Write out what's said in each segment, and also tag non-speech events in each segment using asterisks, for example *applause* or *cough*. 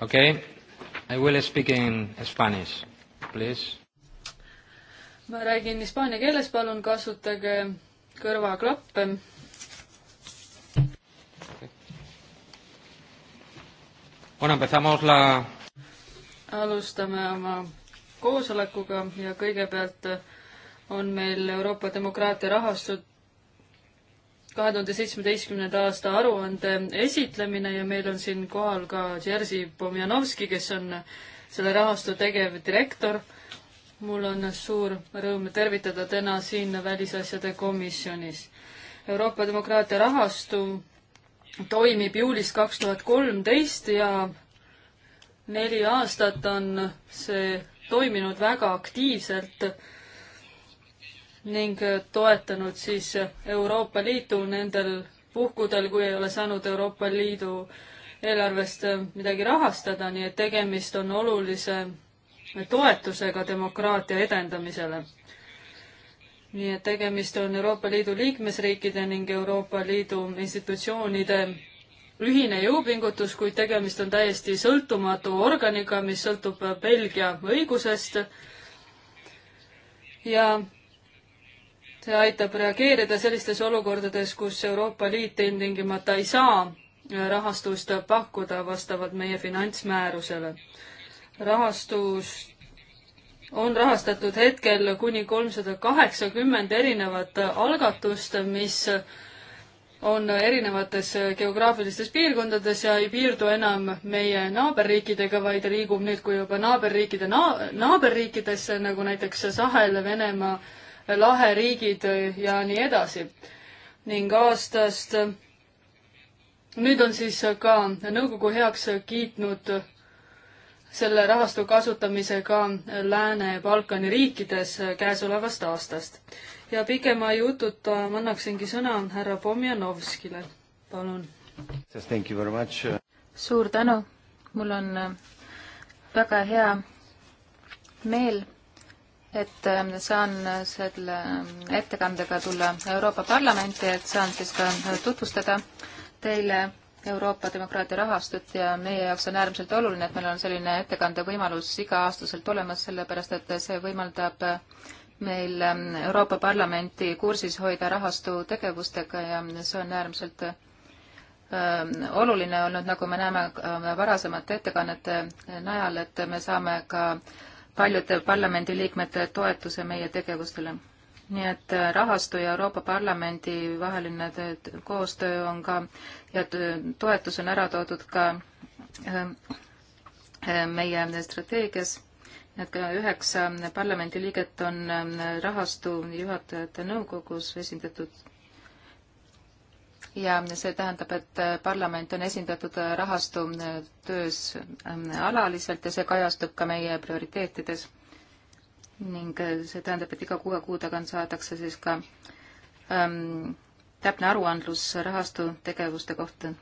Okay. I will speak in Spanish, please. ma räägin hispaania keeles, palun kasutage kõrvaklappe. Bueno, empezamos la... alustame oma koosolekuga ja kõigepealt on meil Euroopa demokraatia rahastut kahe tuhande seitsmeteistkümnenda aasta aruande esitlemine ja meil on siin kohal ka Jerzy Pomjanovski, kes on selle rahastu tegevdirektor. mul on suur rõõm tervitada täna siin Välisasjade Komisjonis. Euroopa demokraatia rahastu toimib juulist kaks tuhat kolmteist ja neli aastat on see toiminud väga aktiivselt ning toetanud siis Euroopa Liitu nendel puhkudel, kui ei ole saanud Euroopa Liidu eelarvest midagi rahastada, nii et tegemist on olulise toetusega demokraatia edendamisele. nii et tegemist on Euroopa Liidu liikmesriikide ning Euroopa Liidu institutsioonide ühine jõupingutus, kuid tegemist on täiesti sõltumatu organiga, mis sõltub Belgia õigusest ja see aitab reageerida sellistes olukordades, kus Euroopa Liit ilmtingimata ei saa äh, rahastust pakkuda vastavalt meie finantsmäärusele. rahastus on rahastatud hetkel kuni kolmsada kaheksakümmend erinevat algatust, mis on erinevates geograafilistes piirkondades ja ei piirdu enam meie naaberriikidega, vaid liigub nüüd, kui juba naaberriikide na-, naaberriikidesse, nagu näiteks Sahel, Venemaa, laheriigid ja nii edasi. ning aastast, nüüd on siis ka nõukogu heaks kiitnud selle rahastu kasutamise ka Lääne-Balkani riikides käesolevast aastast. ja pikema jututa ma annaksingi sõna härra Pomjanovskile, palun. suur tänu, mul on väga hea meel et ähm, saan selle ähm, ettekandega tulla Euroopa Parlamenti, et saan siis ka äh, tutvustada teile Euroopa demokraatia rahastut ja meie jaoks on äärmiselt oluline, et meil on selline ettekande võimalus iga-aastaselt olemas, sellepärast et see võimaldab äh, meil ähm, Euroopa Parlamenti kursis hoida rahastu tegevustega ja see on äärmiselt äh, oluline olnud, nagu me näeme varasemate ettekannete najal, et me saame ka äh, paljude parlamendiliikmete toetuse meie tegevustele. nii et äh, rahastu ja Euroopa Parlamendi vaheline koostöö on ka ja toetus on ära toodud ka ähm, äh, meie strateegias, et ka üheksa parlamendiliiget on ähm, rahastu juhatajate nõukogus esindatud ja see tähendab, et äh, parlament on esindatud äh, rahastu äh, töös ähm, alaliselt ja see kajastub ka meie prioriteetides. ning see tähendab, et iga kuue kuu tagant saadakse siis ka ähm, täpne aruandlus rahastu tegevuste kohta.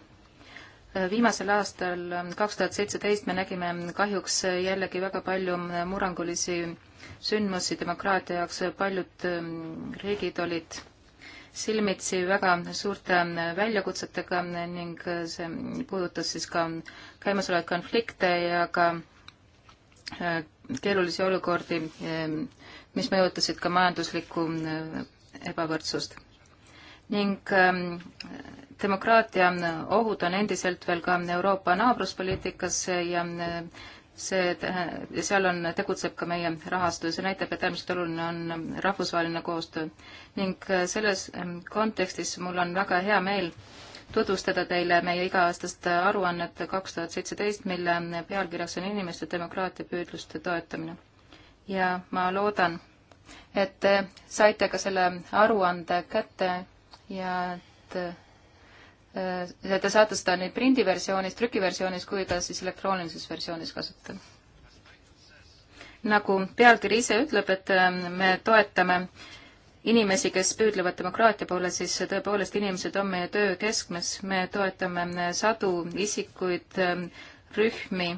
viimasel aastal, ähm, kaks tuhat seitseteist, me nägime ähm, kahjuks jällegi väga palju murrangulisi sündmusi demokraatia jaoks, paljud riigid olid silmitsi väga suurte väljakutsetega ning see puudutas siis ka käimasolevaid konflikte ja ka äh, keerulisi olukordi, äh, mis mõjutasid ka majanduslikku äh, ebavõrdsust. ning demokraatia ohud on endiselt veel ka Euroopa naabruspoliitikas ja see, seal on, tegutseb ka meie rahastus, see näitab, et äärmiselt oluline on rahvusvaheline koostöö. ning äh, selles ähm, kontekstis mul on väga hea meel tutvustada teile meie iga-aastast aruannet kaks tuhat seitseteist, mille äh, pealkirjaks on inimeste demokraatia püüdluste toetamine. ja ma loodan, et te saite ka selle aruande kätte ja et äh, Äh, te saate seda nii prindiversioonis, trükiversioonis kui ka siis elektroonilises versioonis kasutada. nagu pealkiri ise ütleb, et äh, me toetame inimesi, kes püüdlevad demokraatia poole, siis tõepoolest inimesed on meie töö keskmes. me toetame äh, sadu isikuid, rühmi,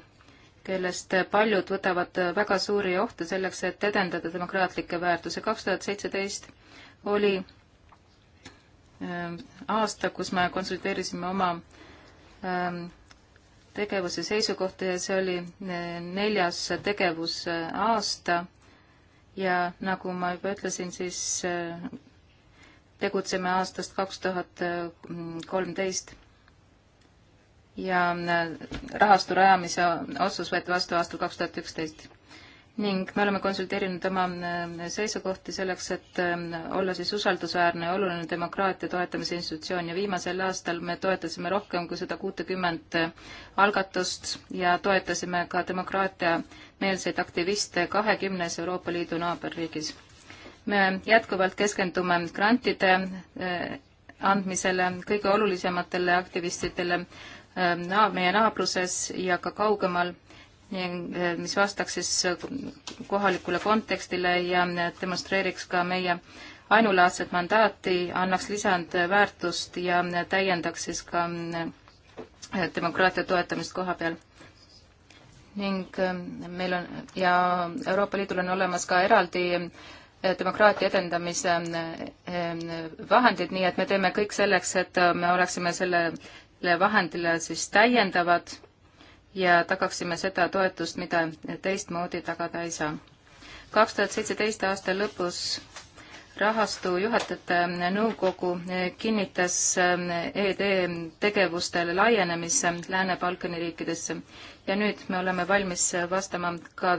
kellest paljud võtavad väga suuri ohte selleks, et edendada demokraatlikke väärtusi. kaks tuhat seitseteist oli Ehm, aasta, kus me konsulteerisime oma ehm, tegevuse seisukohta ja see oli neljas tegevusaasta ja nagu ma juba ütlesin, siis ehm, tegutseme aastast kaks tuhat kolmteist ja rahastu rajamise otsus võeti vastu aastal kaks tuhat üksteist ning me oleme konsulteerinud oma äh, seisukohti selleks, et ähm, olla siis usaldusväärne ja oluline demokraatia toetamise institutsioon ja viimasel aastal me toetasime rohkem kui sada kuutekümmet äh, algatust ja toetasime ka demokraatiameelseid aktiviste kahekümnes Euroopa Liidu naaberriigis. me jätkuvalt keskendume grantide äh, andmisele kõige olulisematele aktivistidele meie naabruses ja ka kaugemal Eh, mis vastaks siis eh, kohalikule kontekstile ja eh, demonstreeriks ka meie ainulaadset mandaati, annaks lisandväärtust ja täiendaks siis ka demokraatia toetamist koha peal. ning meil on ja Euroopa Liidul on olemas ka eraldi demokraatia edendamise vahendid, nii et me teeme kõik selleks, et me oleksime sellele vahendile siis täiendavad ja tagaksime seda toetust, mida teistmoodi tagada ei saa. kaks tuhat seitseteist aasta lõpus rahastu juhatajate nõukogu kinnitas ähm, ED tegevustele laienemise Lääne-Balkani riikidesse ja nüüd me oleme valmis vastama ka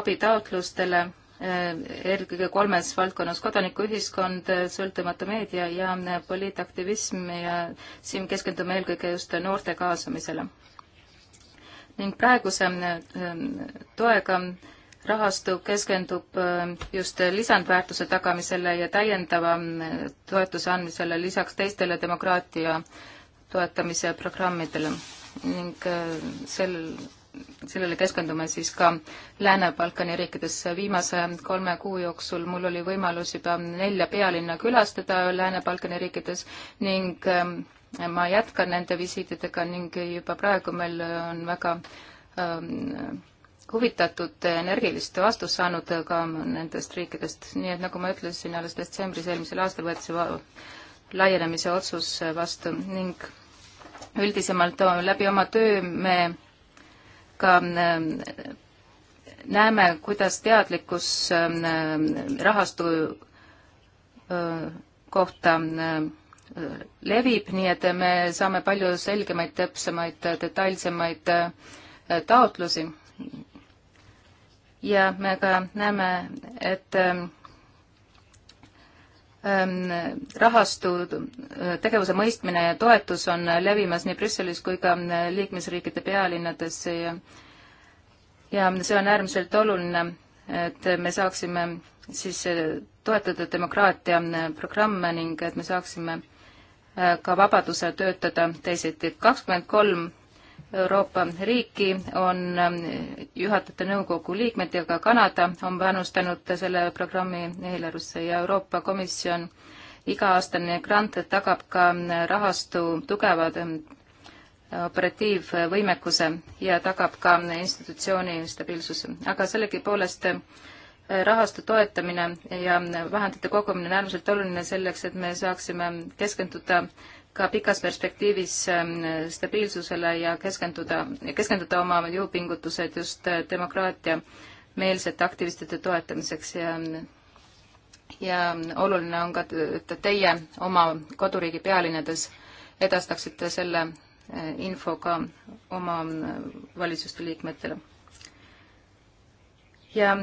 abitaotlustele äh, eelkõige kolmes valdkonnas kodanikuühiskond, sõltumatu meedia ja poliitaktivism ja siin keskendume eelkõige just noorte kaasamisele ning praeguse ähm, toega rahastu keskendub ähm, just lisandväärtuse tagamisele ja täiendava ähm, toetuse andmisele lisaks teistele demokraatia toetamise programmidele ning äh, sel, sellele keskendume siis ka Lääne-Balkani riikides. viimase kolme kuu jooksul mul oli võimalus juba nelja pealinna külastada Lääne-Balkani riikides ning ma jätkan nende visiitidega ning juba praegu meil on väga ähm, huvitatud energilist vastust saanud ka nendest riikidest, nii et nagu ma ütlesin, alles detsembris eelmisel aastal võeti see laienemise otsus vastu ning üldisemalt läbi oma töö me ka ähm, näeme, kuidas teadlikkus ähm, rahastu äh, kohta äh, levib, nii et me saame palju selgemaid, täpsemaid, detailsemaid äh, taotlusi. ja me ka näeme, et ähm, ähm, rahastu äh, tegevuse mõistmine ja toetus on levimas nii Brüsselis kui ka äh, liikmesriikide pealinnades ja ja see on äärmiselt oluline, et me saaksime siis toetada demokraatia programme ning et me saaksime äh, ka vabaduse töötada teisiti. kakskümmend kolm Euroopa riiki on juhatajate nõukogu liikmed ja ka Kanada on panustanud selle programmi eelarvesse ja Euroopa Komisjon iga-aastane grant tagab ka rahastu tugeva operatiivvõimekuse ja tagab ka institutsiooni stabiilsuse. aga sellegipoolest rahastu toetamine ja vahendite kogumine on äärmiselt oluline selleks, et me saaksime keskenduda ka pikas perspektiivis ähm, stabiilsusele ja keskenduda, keskenduda oma jõupingutused just äh, demokraatia meelsete aktivistide toetamiseks ja ja oluline on ka, et teie oma koduriigi pealinnades edastaksite selle äh, info ka oma äh, valitsuste liikmetele. ja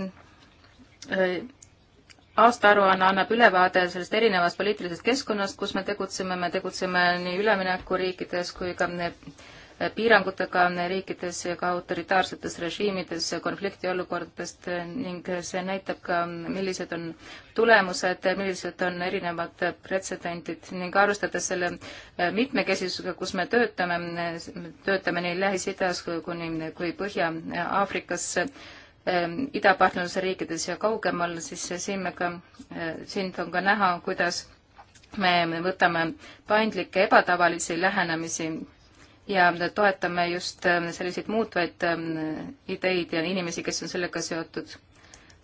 aastaaruanne annab ülevaade sellest erinevast poliitilisest keskkonnast, kus me tegutseme, me tegutseme nii üleminekuriikides kui ka piirangutega riikides ja ka autoritaarsetes režiimides, konfliktiolukordadest ning see näitab ka, millised on tulemused, millised on erinevad pretsedendid ning arvestades selle äh, mitmekesisusega, kus me töötame, töötame nii Lähis-Idas kuni, kui Põhja-Aafrikas, Ähm, idapartnerluse riikides ja kaugemal, siis siin me ka, äh, siin on ka näha, kuidas me, me võtame paindlikke ebatavalisi lähenemisi ja toetame just ähm, selliseid muutvaid ähm, ideid ja inimesi, kes on sellega seotud.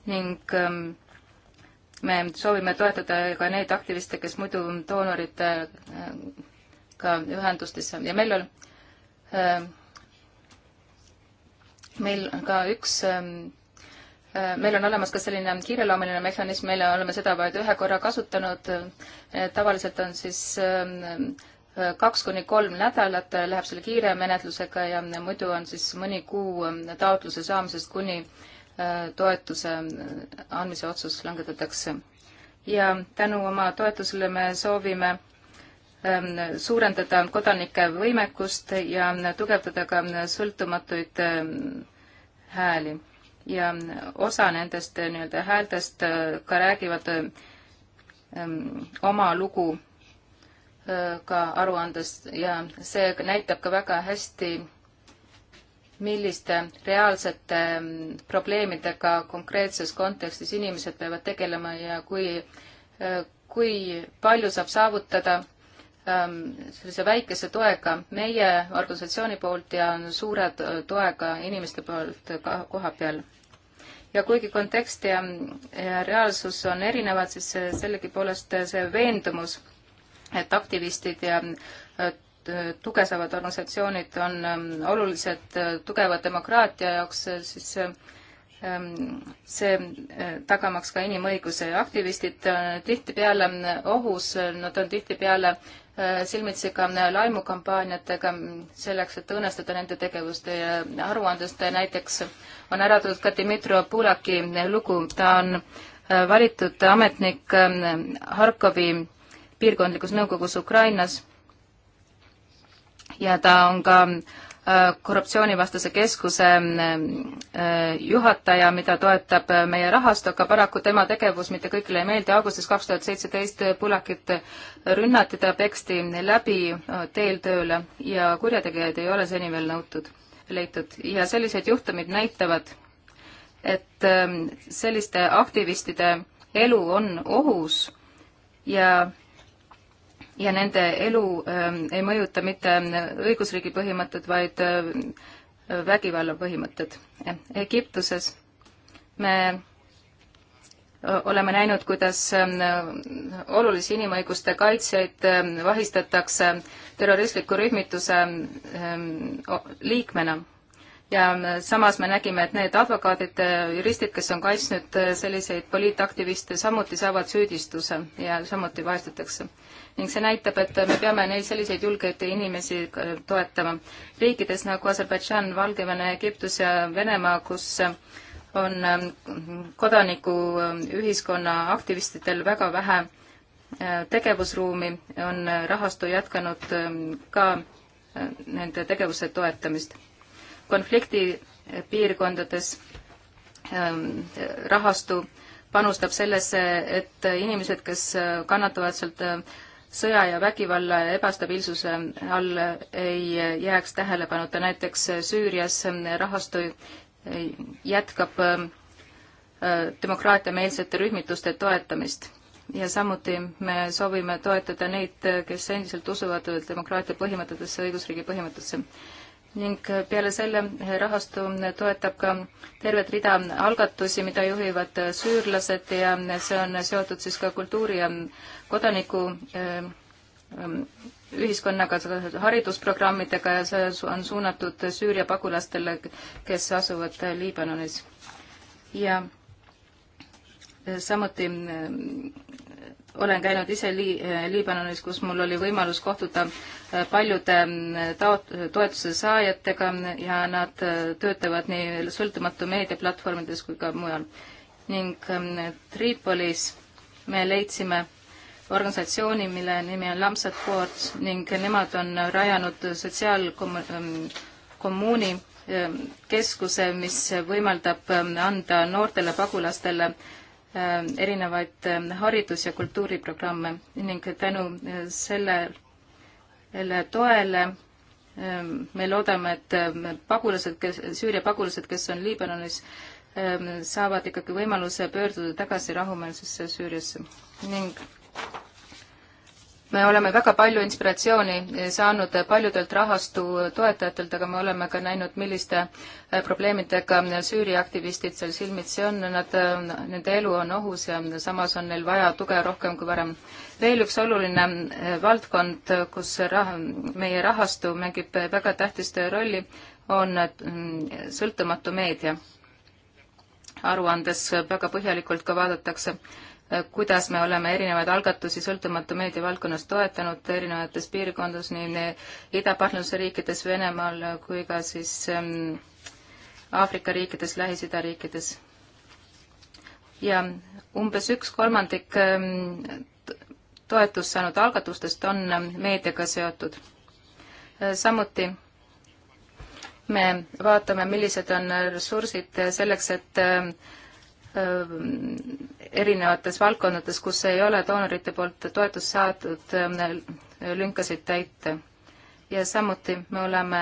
ning me soovime toetada ka neid aktiviste, kes muidu doonoritega äh, ühendustesse ja meil on äh, meil on ka üks ähm, äh, meil on olemas ka selline kiireloomuline mehhanism, meile oleme seda vaid ühe korra kasutanud. Äh, tavaliselt on siis ähm, äh, kaks kuni kolm nädalat läheb selle kiire menetlusega ja muidu on siis mõni kuu ähm, taotluse saamisest kuni toetuse andmise otsus langetatakse. ja tänu oma toetusele me soovime Ähm, suurendada kodanike võimekust ja tugevdada ka sõltumatuid ähm, hääli. ja osa nendest äh, nii-öelda häältest äh, ka räägivad äh, ähm, oma lugu ka aruandest ja see näitab ka väga hästi, milliste reaalsete probleemidega konkreetses kontekstis inimesed peavad tegelema ja kui, kui palju saab saavutada Ähm, sellise väikese toega meie organisatsiooni poolt ja suure toega inimeste poolt koha peal. ja kuigi kontekst ja, ja reaalsus on erinevad, siis sellegipoolest see veendumus, et aktivistid ja äh, tuge saavad organisatsioonid on ähm, olulised äh, tugeva demokraatia jaoks, siis ähm, see äh, tagamaks ka inimõiguse ja aktivistid tihtipeale ohus, nad on tihtipeale Äh, silmitsi ka äh, laimukampaaniatega selleks, et õõnestada nende tegevuste ja äh, aruandluste, näiteks on ära toodud ka Dmitri Pulaki lugu, ta on valitud ametnik Harkovi piirkondlikus nõukogus Ukrainas ja ta on ka Äh, korruptsioonivastase keskuse äh, äh, juhataja, mida toetab meie rahastu, aga paraku tema tegevus mitte kõigile ei meeldi. augustis kaks tuhat seitseteist Pulakit rünnati, ta peksti läbi teel tööle ja kurjategijaid ei ole seni veel nõutud, leitud. ja sellised juhtumid näitavad, et selliste aktivistide elu on ohus ja ja nende elu ähm, ei mõjuta mitte ähm, õigusriigi põhimõtted, vaid äh, vägivalla põhimõtted. Eh, Egiptuses me oleme näinud, kuidas ähm, olulisi inimõiguste kaitsjaid vahistatakse terroristliku rühmituse liikmena. ja samas me nägime, et need advokaadid, äh, juristid, kes on kaitsnud äh, selliseid poliitaktiviste, samuti saavad süüdistuse ja samuti vahistatakse ning see näitab, et me peame neil selliseid julgeid inimesi äh, toetama. riikides nagu Aserbaidžaan, Valgevene, Egiptus ja Venemaa, kus äh, on ähm, kodanikuühiskonna äh, aktivistidel väga vähe tegevusruumi, on rahastu jätkanud ähm, ka nende tegevuse toetamist. konfliktipiirkondades ähm, rahastu panustab sellesse, et inimesed, kes kannatavad sealt sõja ja vägivalla ja ebastabiilsuse all ei jääks tähelepanuta. näiteks Süürias rahastu jätkab äh, demokraatiameelsete rühmituste toetamist ja samuti me soovime toetada neid, kes endiselt usuvad demokraatia põhimõtetesse, õigusriigi põhimõtetesse ning peale selle rahastu toetab ka tervet rida algatusi, mida juhivad süürlased ja see on seotud siis ka kultuuri ja kodaniku ähm, ähm, ühiskonnaga, haridusprogrammidega ja see on suunatud Süüria pagulastele, kes asuvad Liibanonis. ja äh, samuti ähm, olen käinud ise Li-, eh, Liibanonis, kus mul oli võimalus kohtuda eh, paljude mm, taot-, toetuse saajatega ja nad eh, töötavad nii sõltumatu meediaplatvormides kui ka mujal. ning mm, Tripolis me leidsime organisatsiooni, mille nimi on Lamsad Boards ning nemad on rajanud sotsiaalkommuuni mm, keskuse, mis võimaldab anda noortele pagulastele äh, Äh, erinevaid äh, haridus- ja kultuuriprogramme ning tänu äh, sellele toele me loodame, et pagulased, kes, Süüria pagulased, kes on Liibanonis, saavad ikkagi võimaluse pöörduda tagasi rahumeelsesse Süüriasse ning me oleme väga palju inspiratsiooni saanud paljudelt rahastu toetajatelt, aga me oleme ka näinud, milliste äh, probleemidega Süüria aktivistid seal silmitsi on, nad, äh, nende elu on ohus ja samas on neil vaja tuge rohkem kui varem. veel üks oluline äh, valdkond, kus rah-, meie rahastu mängib väga tähtist rolli, on sõltumatu meedia. aruandes väga põhjalikult ka vaadatakse Äh, kuidas me oleme erinevaid algatusi sõltumatu meedia valdkonnas toetanud erinevates piirkondades, nii idapartnerluse riikides, Venemaal kui ka siis ähm, Aafrika riikides, Lähis-Ida riikides. ja umbes üks kolmandik ähm, toetust saanud algatustest on ähm, meediaga seotud. Äh, samuti me vaatame, millised on ressursid selleks, et erinevates valdkondades, kus ei ole doonorite poolt toetust saadud, ähm, lünkasid täita. ja samuti me oleme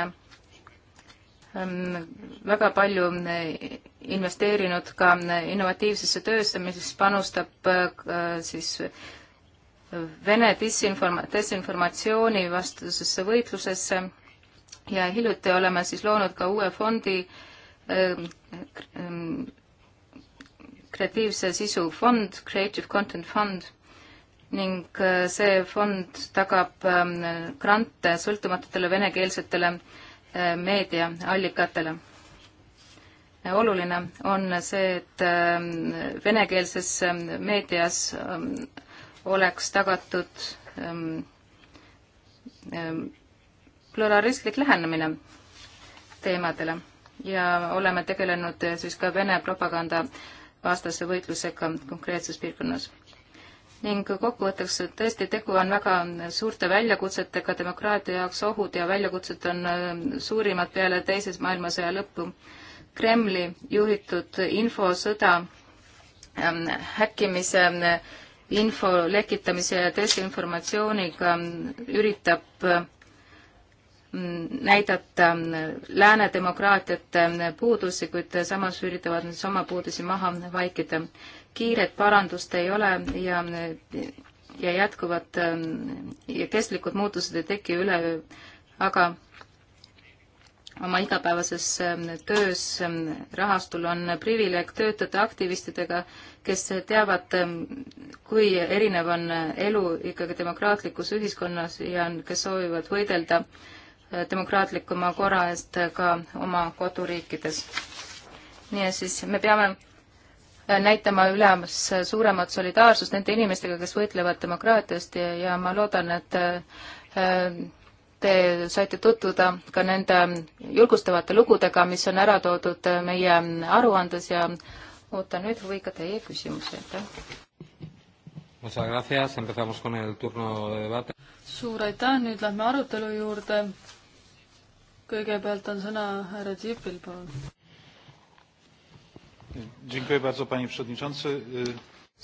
ähm, väga palju äh, investeerinud ka äh, innovatiivsesse töösse, mis panustab äh, siis Vene disinforma-, desinformatsiooni vastusesse võitlusesse ja hiljuti oleme siis loonud ka uue fondi ähm, kreatiivse sisu fond, Creative Content Fund, ning äh, see fond tagab ähm, grante sõltumatutele venekeelsetele äh, meediaallikatele. oluline on see, et ähm, venekeelses ähm, meedias oleks tagatud pluralistlik lähenemine teemadele ja oleme tegelenud äh, siis ka Vene propaganda äh, vastase võitlusega konkreetses piirkonnas. ning kokkuvõtteks, tõesti, tegu on väga suurte väljakutsetega, demokraatia jaoks ohud ja väljakutsed on äh, suurimad peale Teises maailmasõja lõppu. Kremli juhitud infosõda ähm, häkkimise äh, info lekitamise ja desinformatsiooniga ähm, üritab äh, näidata ähm, lääne demokraatiate ähm, puudusi, kuid samas üritavad siis oma puudusi maha vaikida. kiiret parandust ei ole ja, ja jätkuvad ähm, ja kestlikud muutused ei teki üleöö, aga oma igapäevases töös rahastul on privileeg töötada aktivistidega, kes teavad, kui erinev on elu ikkagi demokraatlikus ühiskonnas ja kes soovivad võidelda äh, demokraatlikuma korra eest ka oma koduriikides. nii et siis me peame äh, näitama ülemas suuremat solidaarsust nende inimestega, kes võitlevad demokraatiast ja, ja ma loodan, et äh, te saite tutvuda ka nende julgustavate lugudega, mis on ära toodud meie aruandes ja ootan nüüd huviga teie küsimusi, aitäh. suur aitäh, nüüd lähme arutelu juurde kõigepealt on sõna härra Tsipil, palun.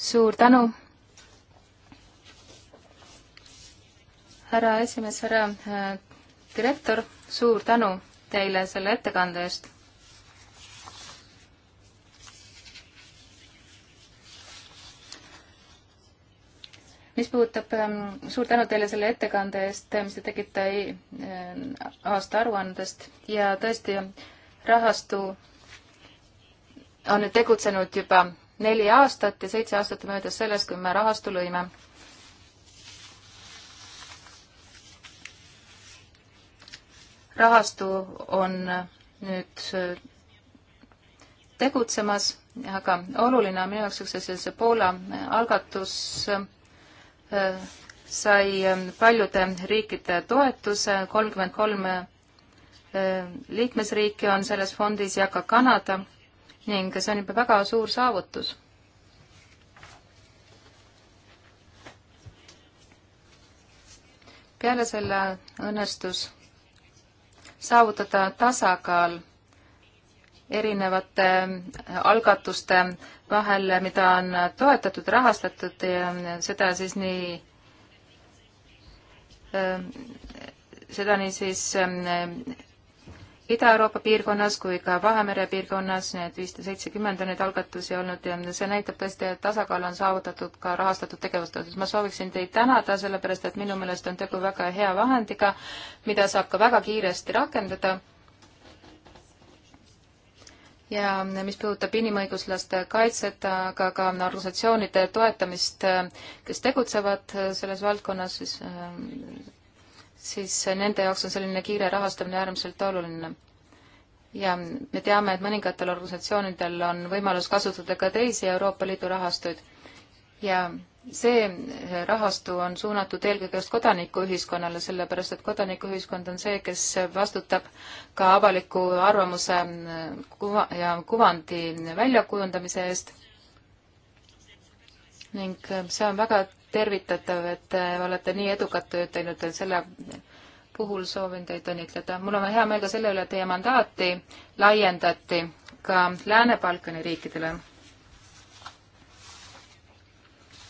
suur tänu. härra esimees, härra äh, direktor, suur tänu teile selle ettekande eest mis puudutab, ähm, suur tänu teile selle ettekande eest, mis te tegite äh, aasta aruandest ja tõesti, rahastu on nüüd tegutsenud juba neli aastat ja seitse aastat möödas sellest, kui me rahastu lõime. rahastu on nüüd äh, tegutsemas, aga oluline on minu jaoks üks asi, see Poola algatus äh, sai ähm, paljude riikide toetuse, kolmkümmend kolm äh, liikmesriiki on selles fondis ja ka Kanada ning see on juba väga suur saavutus peale selle õnnestus saavutada tasakaal erinevate äh, algatuste vahel, mida on toetatud, rahastatud ja seda siis nii, ähm, seda nii siis ähm, Ida-Euroopa piirkonnas kui ka Vahemere piirkonnas, nii et viissada seitsekümmend on neid algatusi olnud ja see näitab tõesti, et tasakaal on saavutatud ka rahastatud tegevuste osas. ma sooviksin teid tänada, sellepärast et minu meelest on tegu väga hea vahendiga, mida saab ka väga kiiresti rakendada ja mis puudutab inimõiguslaste kaitset, aga ka organisatsioonide toetamist, kes tegutsevad selles valdkonnas, siis, äh, siis nende jaoks on selline kiire rahastamine äärmiselt oluline. ja me teame, et mõningatel organisatsioonidel on võimalus kasutada ka teisi Euroopa Liidu rahastuid ja see rahastu on suunatud eelkõige just kodanikuühiskonnale, sellepärast et kodanikuühiskond on see, kes vastutab ka avaliku arvamuse kuva ja kuvandi väljakujundamise eest. ning see on väga tervitatav, et te olete nii edukat tööd teinud, selle puhul soovin teid õnnitleda. mul on hea meel ka selle üle, et teie mandaati laiendati ka Lääne-Balkani riikidele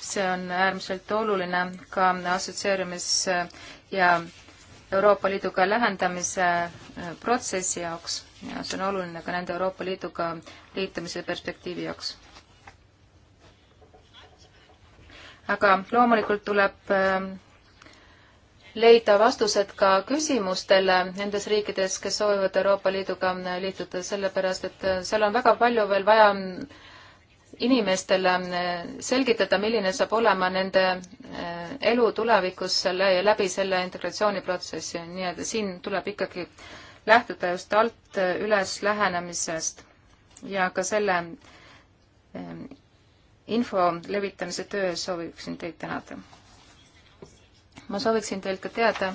see on äärmiselt oluline ka assotsieerumis- ja Euroopa Liiduga lähendamise äh, protsessi jaoks ja see on oluline ka nende Euroopa Liiduga liitumise perspektiivi jaoks. aga loomulikult tuleb äh, leida vastused ka küsimustele nendes riikides, kes soovivad Euroopa Liiduga liituda, sellepärast et äh, seal on väga palju veel vaja inimestele äh, selgitada, milline saab olema nende äh, elu tulevikus selle ja läbi selle integratsiooniprotsessi, nii et siin tuleb ikkagi lähtuda just alt äh, üles lähenemisest ja ka selle ähm, info levitamise töö sooviksin teid tänada. ma sooviksin teilt ka teada,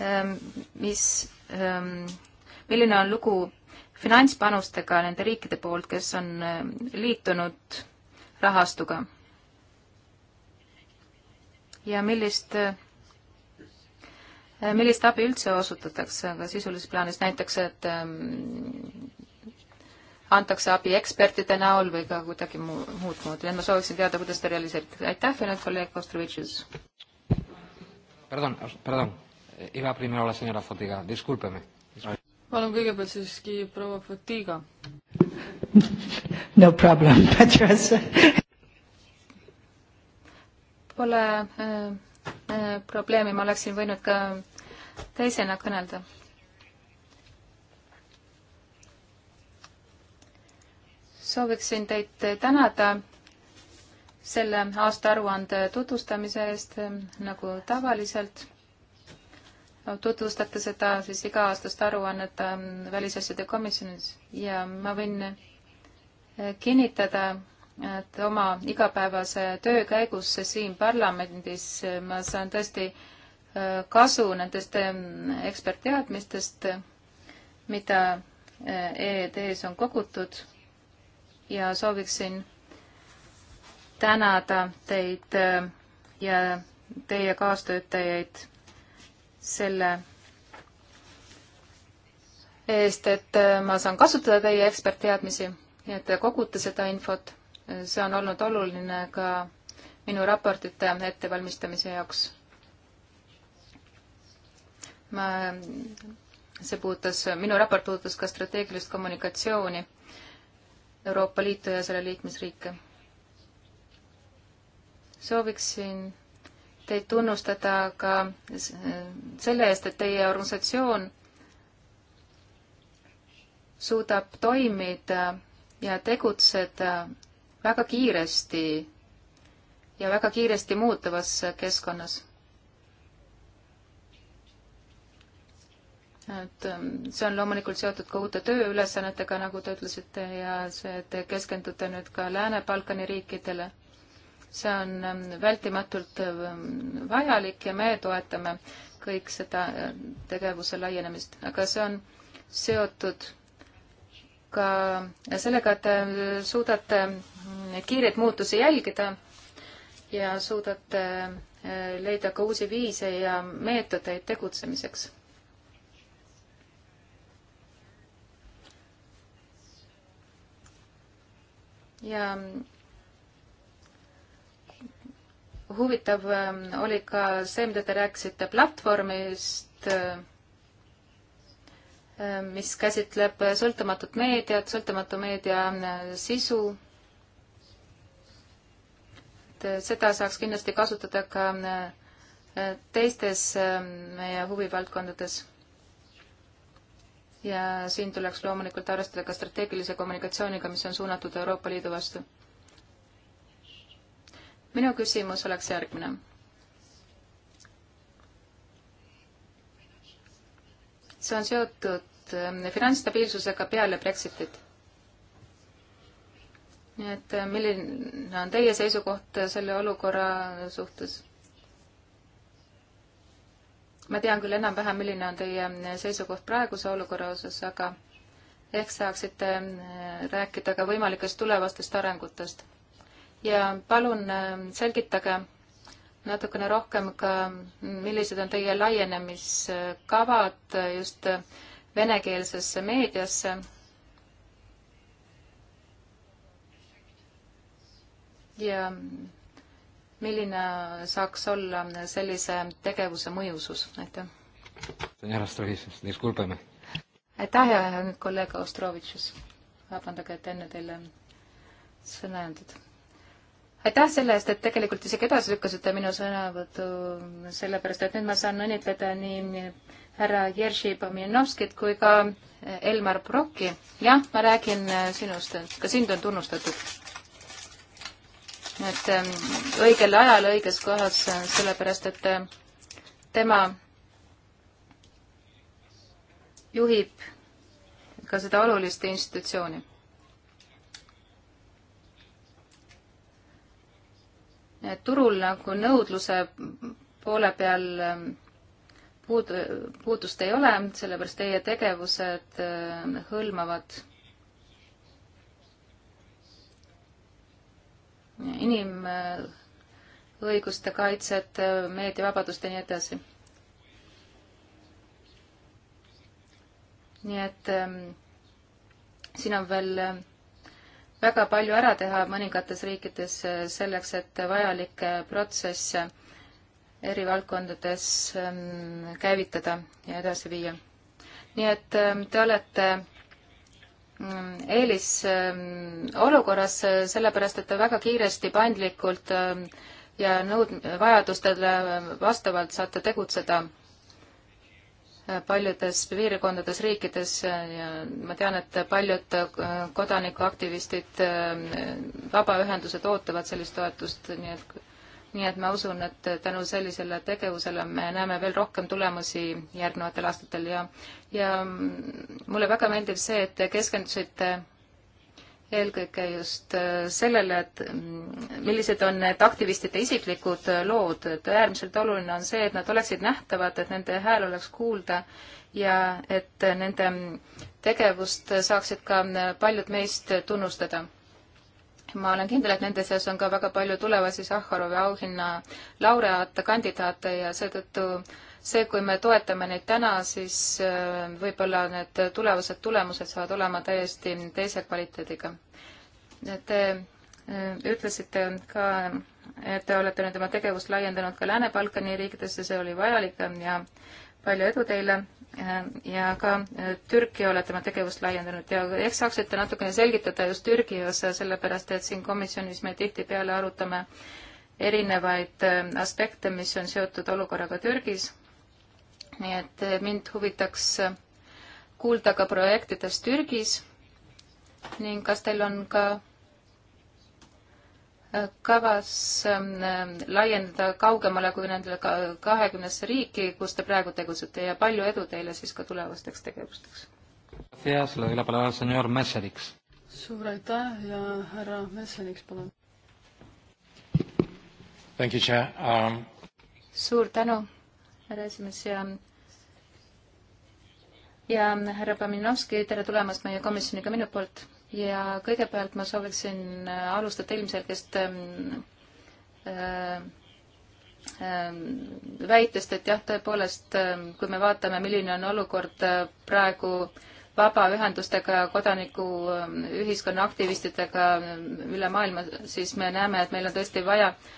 ähm, mis, ähm, milline on lugu finantspanustega nende riikide poolt, kes on eh, liitunud rahastuga. ja millist, eh, millist abi üldse osutatakse ka sisulises plaanis, näiteks et eh, antakse abi ekspertide näol või ka kuidagi muu, muud moodi, et ma sooviksin teada, kuidas te realiseerite. aitäh ja nüüd kolleeg Ostrovitšus. Perdón, perdón, iba primero la señora Fotiga, discúlpeme palun kõigepealt siiski proua Fatiga. no problem, Petras *laughs* Pole äh, äh, probleemi, ma oleksin võinud ka teisena kõnelda. sooviksin teid tänada selle aastaaruande tutvustamise eest, nagu tavaliselt tutvustate seda siis iga-aastast aruannet ähm, Välisasjade komisjonis ja ma võin äh, kinnitada, et oma igapäevase töö käigus siin parlamendis äh, ma saan tõesti äh, kasu nendest ähm, ekspertteadmistest, mida EED-s on kogutud ja sooviksin tänada teid ja teie kaastöötajaid selle eest, et äh, ma saan kasutada teie ekspertteadmisi, nii et te kogute seda infot. see on olnud oluline ka minu raportite ettevalmistamise jaoks. ma, see puudutas, minu raport puudutas ka strateegilist kommunikatsiooni Euroopa Liitu ja selle liikmesriike. sooviksin teid tunnustada ka selle eest, et teie organisatsioon suudab toimida ja tegutseda väga kiiresti ja väga kiiresti muutuvas keskkonnas. et ähm, see on loomulikult seotud ka uute tööülesannetega, nagu te ütlesite, ja see, et te keskendute nüüd ka Lääne-Balkani riikidele see on ähm, vältimatult ähm, vajalik ja me toetame kõik seda äh, tegevuse laienemist, aga see on seotud ka sellega, et äh, suudate mm, kiireid muutusi jälgida ja suudate äh, leida ka uusi viise ja meetodeid tegutsemiseks ja mm, huvitav ähm, oli ka see, mida te rääkisite platvormist, ähm, mis käsitleb sõltumatut meediat, sõltumatu meedia äh, sisu. et äh, seda saaks kindlasti kasutada ka äh, teistes ähm, meie huvivaldkondades. ja siin tuleks loomulikult arvestada ka strateegilise kommunikatsiooniga, mis on suunatud Euroopa Liidu vastu minu küsimus oleks järgmine. see on seotud ähm, finantsstabiilsusega peale Brexitit. nii et äh, milline on teie seisukoht äh, selle olukorra suhtes? ma tean küll enam-vähem, milline on teie äh, seisukoht praeguse olukorra osas, aga ehk saaksite rääkida ka võimalikest tulevastest arengutest ja palun ähm, selgitage natukene rohkem ka, millised on teie laienemiskavad äh, just äh, venekeelsesse meediasse. ja milline saaks olla sellise tegevuse mõjusus, aitäh. aitäh ja nüüd kolleeg Ostrovitšus. vabandage, et enne teile sõna ei antud aitäh selle eest, et tegelikult isegi edasi lükkasite minu sõnavõtu, sellepärast et nüüd ma saan õnnitleda nii härra Jerzy Pomjanovskit kui ka Elmar Brocki. jah, ma räägin äh, sinust, ka sind on tunnustatud. et ähm, õigel ajal õiges kohas, äh, sellepärast et äh, tema juhib ka seda olulist institutsiooni turul nagu nõudluse poole peal ähm, puud-, puudust ei ole, sellepärast teie tegevused ähm, hõlmavad inimõiguste äh, kaitset, äh, meediavabadust ja nii edasi. nii et ähm, siin on veel äh, väga palju ära teha mõningates riikides eh, selleks, et vajalikke protsesse eri valdkondades ehm, käivitada ja edasi viia. nii et ehm, te olete ehm, eelisolukorras, eh, sellepärast et te väga kiiresti, paindlikult ja nõud-, vajadustele vastavalt saate tegutseda paljudes piirkondades, riikides ja ma tean, et paljud äh, kodanikuaktivistid, äh, vabaühendused ootavad sellist toetust, nii et nii et ma usun, et tänu sellisele tegevusele me näeme veel rohkem tulemusi järgnevatel aastatel ja ja mulle väga meeldib see, et te keskendusite eelkõige just äh, sellele, et mm, millised on need aktivistide isiklikud äh, lood, et äärmiselt oluline on see, et nad oleksid nähtavad, et nende hääl oleks kuulda ja et nende mm, tegevust saaksid ka mm, paljud meist tunnustada. ma olen kindel, et nende seas on ka väga palju tulevasi Sahharovi auhinna laureaate, kandidaate ja seetõttu äh, see, kui me toetame neid täna, siis äh, võib-olla need tulevased tulemused saavad olema täiesti teise kvaliteediga. Te äh, ütlesite ka, et te olete nüüd oma tegevust laiendanud ka Lääne-Balkani riikidesse, see oli vajalik ja palju edu teile äh, ja ka Türki olete oma tegevust laiendanud ja ehk saaksite natukene selgitada just Türgi osa, sellepärast et siin komisjonis me tihtipeale arutame erinevaid aspekte, mis on seotud olukorraga Türgis nii et äh, mind huvitaks äh, kuulda ka projektidest Türgis ning kas teil on ka äh, kavas ähm, laiendada kaugemale kui nendele kahekümnesse riiki, kus te praegu tegutsete ja palju edu teile siis ka tulevasteks tegevusteks! suur aitäh ja härra Messeniks, palun! Um, suur tänu, härra esimees ja ja härra Paminovski, tere tulemast meie komisjoni ka minu poolt ja kõigepealt ma sooviksin äh, alustada ilmselgest ähm, äh, ähm, väitest, et jah, tõepoolest, ähm, kui me vaatame, milline on olukord äh, praegu vabaühendustega, kodanikuühiskonna aktivistidega üle maailma, siis me näeme, et meil on tõesti vaja äh,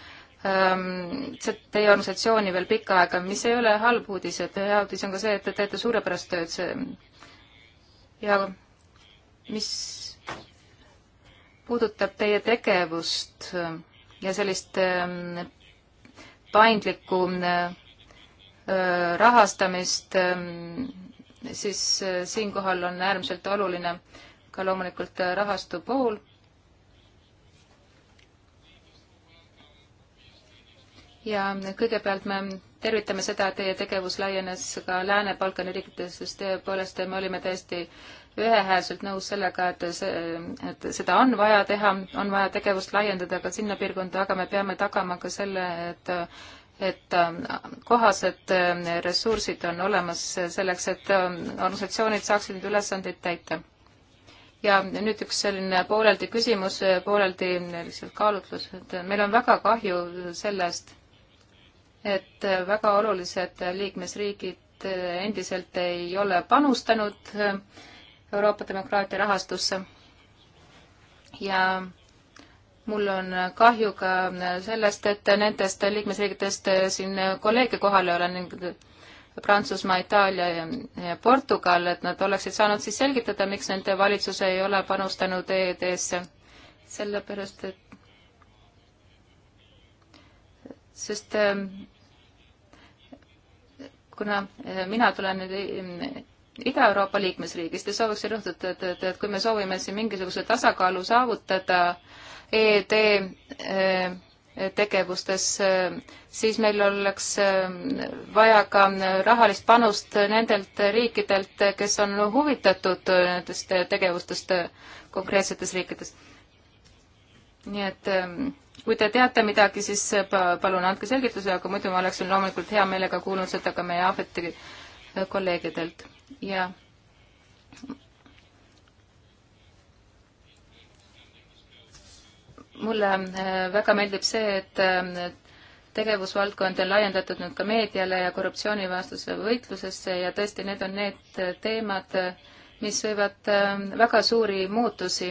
Ehm, teie organisatsiooni veel pikka aega, mis ei ole halb uudis, et hea uudis on ka see, et te teete suurepärast tööd, see ja mis puudutab teie tegevust ehm, ja sellist ehm, paindlikku rahastamist, siis siinkohal on äärmiselt oluline ka loomulikult rahastu pool ja kõigepealt me tervitame seda, et teie tegevus laienes ka Lääne-Balkani riikides, sest tõepoolest me olime täiesti ühehäälselt nõus sellega, et see, et seda on vaja teha, on vaja tegevust laiendada ka sinna piirkonda, aga me peame tagama ka selle, et et äh, kohased äh, ressursid on olemas selleks, et äh, organisatsioonid saaksid neid ülesandeid täita. ja nüüd üks selline pooleldi küsimus, pooleldi lihtsalt kaalutlus, et meil on väga kahju sellest et väga olulised liikmesriigid endiselt ei ole panustanud Euroopa demokraatia rahastusse. ja mul on kahju ka sellest, et nendest liikmesriikidest siin kolleege kohal ei ole ning Prantsusmaa, Itaalia ja, ja Portugal, et nad oleksid saanud siis selgitada, miks nende valitsus ei ole panustanud EED-sse. sellepärast, et sest ähm, kuna eh, mina tulen nüüd eh, Ida-Euroopa liikmesriigist ja sooviksin rõhutada, et, et, et kui me soovime siin mingisuguse tasakaalu saavutada ED eh, tegevustes, siis meil oleks vaja ka rahalist panust nendelt riikidelt, kes on huvitatud nendest tegevustest konkreetsetes riikides. nii et kui te teate midagi, siis äh, palun andke selgituse, aga muidu ma oleksin loomulikult hea meelega kuulnud seda ka meie Aafeti äh, kolleegidelt ja mulle äh, väga meeldib see, et tegevusvaldkond on laiendatud nüüd ka meediale ja korruptsioonivastase võitlusesse ja tõesti, need on need teemad, mis võivad väga suuri muutusi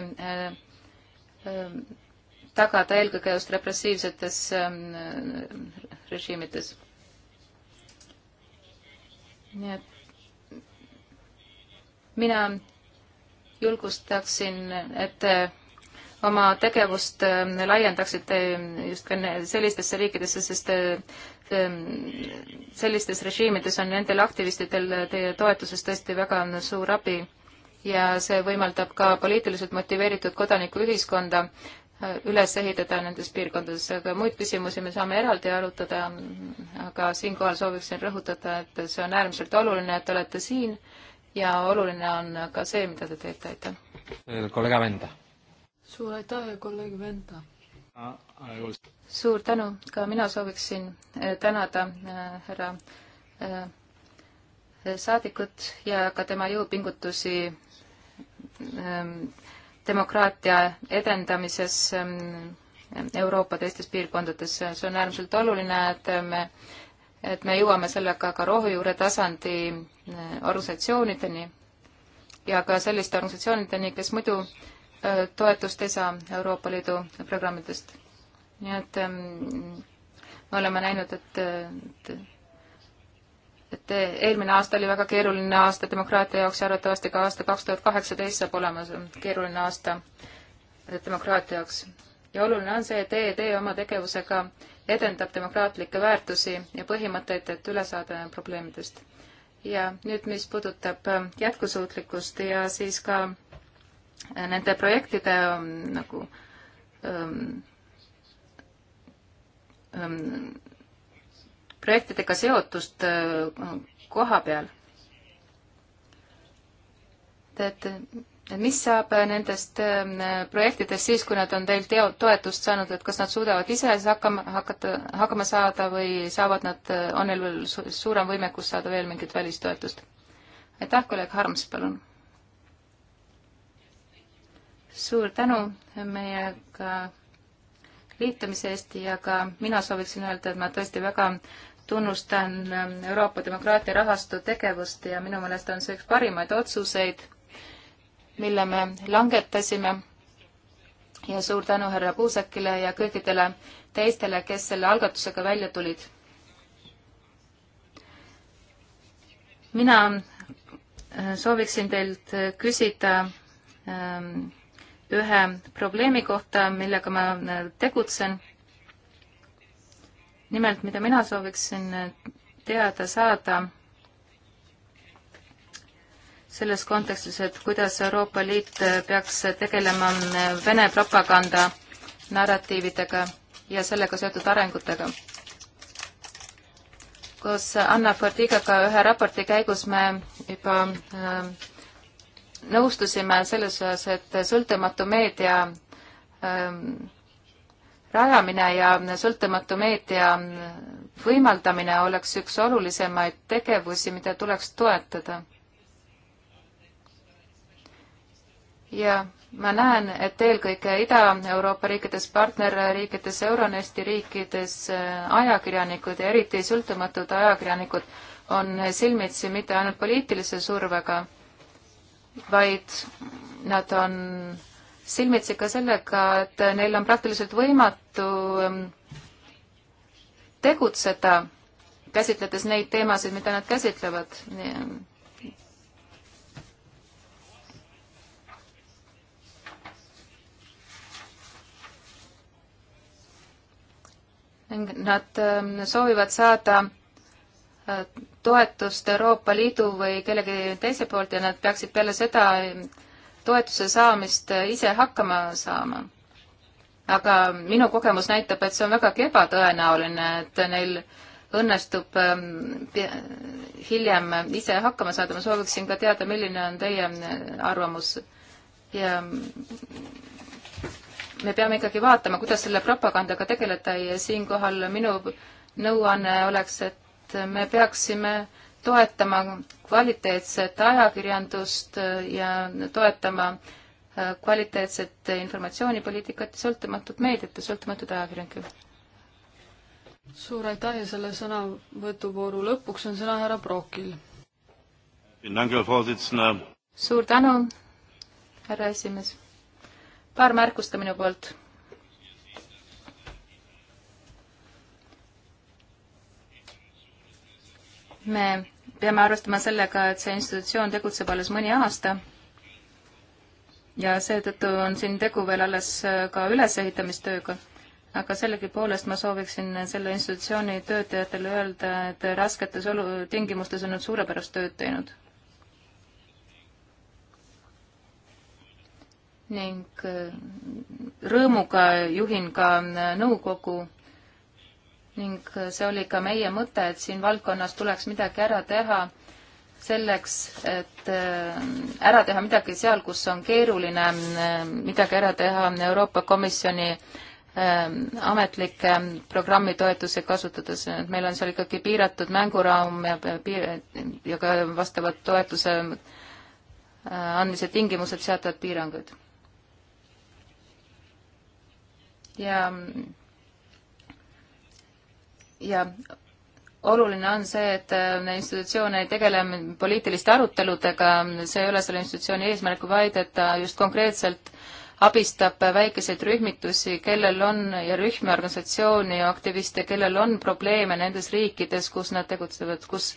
tagada eelkõige just repressiivsetes ähm, režiimides. nii et mina julgustaksin, et äh, oma tegevust ähm, laiendaksite just ka sellistesse riikidesse, sest äh, ähm, sellistes režiimides on nendel aktivistidel äh, teie toetusest tõesti väga suur abi ja see võimaldab ka poliitiliselt motiveeritud kodanikuühiskonda üles ehitada nendes piirkondades, aga muid küsimusi me saame eraldi arutada, aga siinkohal sooviksin rõhutada, et see on äärmiselt oluline, et te olete siin ja oluline on ka see, mida te teete, aitäh. Äh, kolleeg Venda. suur aitäh, kolleeg Venda. suur tänu, ka mina sooviksin äh, tänada äh, härra saadikut ja ka tema jõupingutusi ähm, demokraatia edendamises ähm, Euroopa teistes piirkondades. see on äärmiselt oluline, et me, et me jõuame sellega ka rohujuure tasandi äh, organisatsioonideni ja ka selliste organisatsioonideni, kes muidu äh, toetust ei saa Euroopa Liidu programmidest. nii et ähm, me oleme näinud, et, et et eelmine aasta oli väga keeruline aasta demokraatia jaoks ja arvatavasti ka aasta kaks tuhat kaheksateist saab olema keeruline aasta demokraatia jaoks. ja oluline on see, et EED oma tegevusega edendab demokraatlikke väärtusi ja põhimõtteid, et üle saada probleemidest. ja nüüd, mis puudutab jätkusuutlikkust ja siis ka nende projektide ähm, nagu ähm, ähm, projektidega seotust äh, koha peal. et, et mis saab äh, nendest äh, projektidest siis, kui nad on teil teo-, toetust saanud, et kas nad suudavad ise hakkama, hakata, hakkama saada või saavad nad, on neil veel suurem võimekus saada veel mingit välistoetust? aitäh, kolleeg Harms, palun! suur tänu meiega liitumise eest ja ka mina sooviksin öelda, et ma tõesti väga tunnustan ähm, Euroopa demokraatia rahastu tegevust ja minu meelest on see üks parimaid otsuseid, mille me langetasime. ja suur tänu härra Puusakile ja kõikidele teistele, kes selle algatusega välja tulid. mina äh, sooviksin teilt äh, küsida ähm, ühe probleemi kohta, millega ma äh, tegutsen nimelt, mida mina sooviksin teada saada selles kontekstis, et kuidas Euroopa Liit peaks tegelema Vene propaganda narratiividega ja sellega seotud arengutega. koos Anna Fordigaga ühe raporti käigus me juba äh, nõustusime selles osas, et sõltumatu meedia äh, rajamine ja sõltumatu meedia võimaldamine oleks üks olulisemaid tegevusi, mida tuleks toetada. ja ma näen, et eelkõige Ida-Euroopa riikides, partnerriikides, Euronesti riikides äh, ajakirjanikud ja eriti sõltumatud ajakirjanikud on silmitsi mitte ainult poliitilise survega, vaid nad on silmitsi ka sellega, et neil on praktiliselt võimatu ähm, tegutseda, käsitledes neid teemasid, mida nad käsitlevad. Nad ähm, soovivad saada äh, toetust Euroopa Liidu või kellegi teise poolt ja nad peaksid peale seda toetuse saamist ise hakkama saama. aga minu kogemus näitab, et see on vägagi ebatõenäoline, et neil õnnestub ähm, hiljem ise hakkama saada. ma sooviksin ka teada, milline on teie äh, arvamus ja mm, me peame ikkagi vaatama, kuidas selle propagandaga tegeleda ja siinkohal minu nõuanne oleks, et me peaksime toetama kvaliteetset ajakirjandust ja toetama äh, kvaliteetset informatsioonipoliitikat ja sõltumatut meediat ja sõltumatuid ajakirjanikke. suur aitäh ja selle sõnavõtuvooru lõpuks on sõna härra Brokil. suur tänu, härra esimees. paar märkust ka minu poolt me peame arvestama sellega, et see institutsioon tegutseb alles mõni aasta ja seetõttu on siin tegu veel alles äh, ka ülesehitamistööga. aga sellegipoolest ma sooviksin selle institutsiooni töötajatele öelda, et rasketes olu-, tingimustes on nad suurepärast tööd teinud. ning äh, rõõmuga juhin ka äh, nõukogu ning see oli ka meie mõte, et siin valdkonnas tuleks midagi ära teha selleks, et äh, ära teha midagi seal, kus on keeruline äh, midagi ära teha Euroopa Komisjoni äh, ametlikke programmitoetusi kasutades, et meil on seal ikkagi piiratud mänguraam ja piir- ja ka vastavad toetuse andmise tingimused, seatavad piirangud. ja ja oluline on see, et äh, institutsioon ei tegele poliitiliste aruteludega, see ei ole selle institutsiooni eesmärk, vaid et ta just konkreetselt abistab väikeseid rühmitusi, kellel on ja rühmi, organisatsiooni ja aktiviste, kellel on probleeme nendes riikides, kus nad tegutsevad, kus